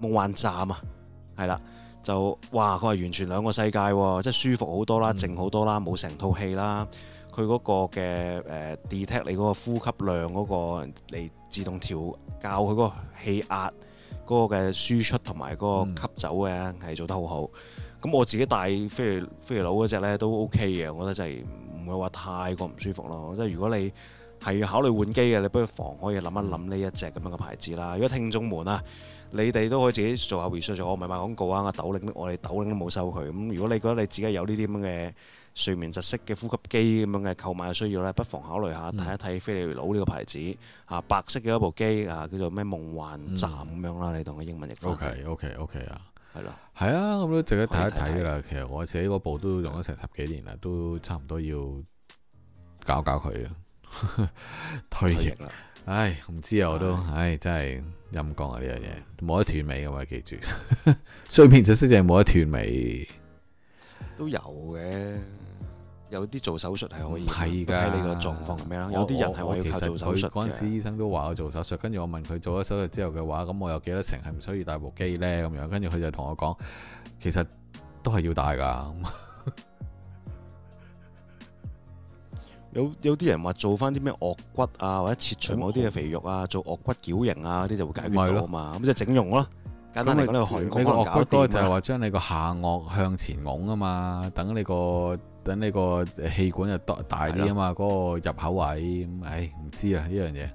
夢幻站啊，係啦，就哇，佢係完全兩個世界、啊，即係舒服好多啦，嗯、靜好多啦，冇成套戲啦。佢嗰個嘅誒、uh, detect 你嗰個呼吸量嗰、那個，嚟自動調校佢嗰個氣壓嗰個嘅輸出同埋嗰個吸走嘅係、嗯、做得好好。咁我自己戴飛尼飛利浦嗰隻咧都 OK 嘅，我覺得就係唔會話太過唔舒服咯。即係如果你係要考慮換機嘅，你不妨可以諗一諗呢一隻咁樣嘅牌子啦。如果聽眾們啊，你哋都可以自己做下 research，做下唔係賣廣告啊，豆我斗零我哋斗零都冇收佢。咁如果你覺得你自己有呢啲咁嘅睡眠窒息嘅呼吸機咁樣嘅購買嘅需要咧，不妨考慮下睇一睇飛利浦呢個牌子啊，嗯、白色嘅一部機啊，叫做咩夢幻站
咁樣啦。嗯、你同佢英文譯 OK OK OK 啊。係咯，係啊，咁都值得睇一睇噶啦。其實我自己嗰部都用咗成十幾年啦，都差唔多要搞搞佢， 退役啦。役唉，唔知啊，我都的唉，真係陰公啊，呢樣嘢，冇得斷尾嘅，記住，睡眠科技就係冇得斷尾，都有嘅。有啲做手術係可以，係㗎的你個狀況係咩？有啲人係話要靠做手術嘅。嗰陣時，醫生都話我做手術，跟住我問佢做咗手術之後嘅話，咁我有幾多成係唔需要戴部機咧？咁樣跟住佢就同我講，其實都係要戴㗎。 有有啲人
話做翻啲咩顎骨啊，或者切除某啲嘅肥肉啊，做顎骨矯形啊，嗰啲就會解決
嘛。咁了就整容咯。簡單嚟講，咁你個顎骨多就係話將你個下顎向前拱啊嘛，等你個。等呢個氣管就大大啲啊嘛，嗰個入口位咁，唉，唔知啊呢樣嘢。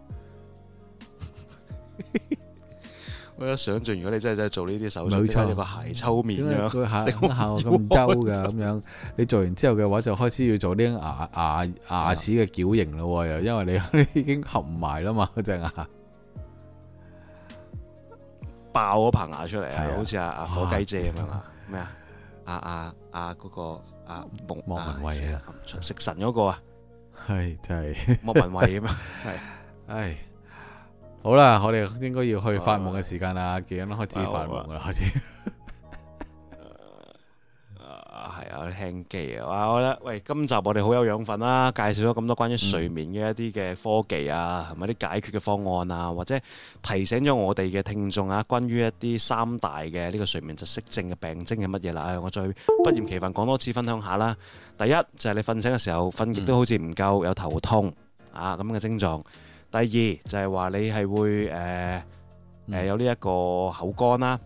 我一想象，如果你真係真係做呢啲手術，好似個鞋抽面咁樣，
口咁溝噶咁樣。你做完之後嘅話，就開始要做啲牙牙牙齒嘅矯形咯，又因為你已經合唔埋啦嘛，嗰隻牙
爆嗰棚牙出嚟啊，好似阿阿火雞姐咁啊？咩啊？阿阿
阿嗰個。啊，莫莫文蔚啊，食試神嗰個啊，係就係莫文蔚啊嘛，係 是，唉，好啦，我哋應該要去發夢嘅時間啦，啊、幾樣開始發夢啦，啊啊、開始。啊
啊，係啊，啲輕機啊，哇！我覺得，喂，今集我哋好有養分啦、啊，介紹咗咁多關於睡眠嘅一啲嘅科技啊，同埋啲解決嘅方案啊，或者提醒咗我哋嘅聽眾啊，關於一啲三大嘅呢個睡眠窒息症嘅病徵係乜嘢啦？啊，我再不厭其煩講多次，分享下啦。第一就係、是、你瞓醒嘅時候，瞓極都好似唔夠，有頭痛、嗯、啊咁嘅症狀。第二就係、是、話你係會誒誒、呃呃、有呢一個口乾啦、啊。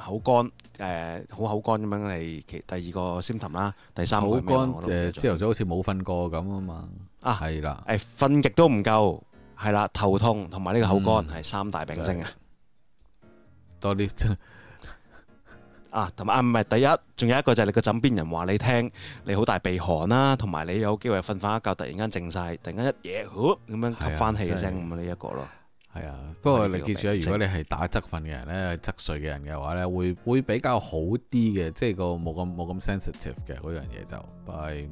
口乾，誒好口乾咁樣係其第二個 symptom 啦，第三冇乾誒，朝頭
早好似冇瞓過咁啊嘛，啊係啦，
誒瞓極都唔夠，係啦，頭痛同埋呢個口乾係三大病症啊，多啲啊，同埋啊唔係第一，仲有一個就係你個枕邊人話你聽，你好大鼻鼾啦，同埋你有機會瞓翻一覺，突然間靜晒，
突然間一嘢噏咁樣吸翻氣嘅聲，咁呢一個咯。係啊，不過你記住咧，如果你係打側瞓嘅人咧，側睡嘅人嘅話咧，會會比較好啲嘅，即係個冇咁冇咁 sensitive 嘅嗰樣嘢就，但係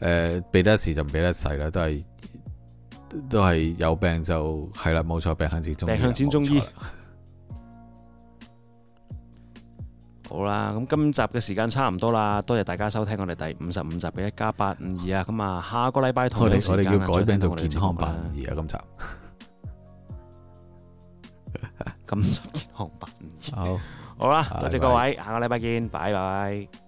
誒避得一時就唔避得一世啦，都係都係有病就係啦，冇、啊、錯，病向淺中醫。病向淺中醫。好啦，咁今集嘅時間
差唔多啦，多謝大家收聽我哋第五十五集嘅一家八五二啊，咁啊下個禮拜同我哋要改變到健
康八五二啊今集。金十健康百好吧，好啦，多謝各位，
下個禮拜見，拜拜。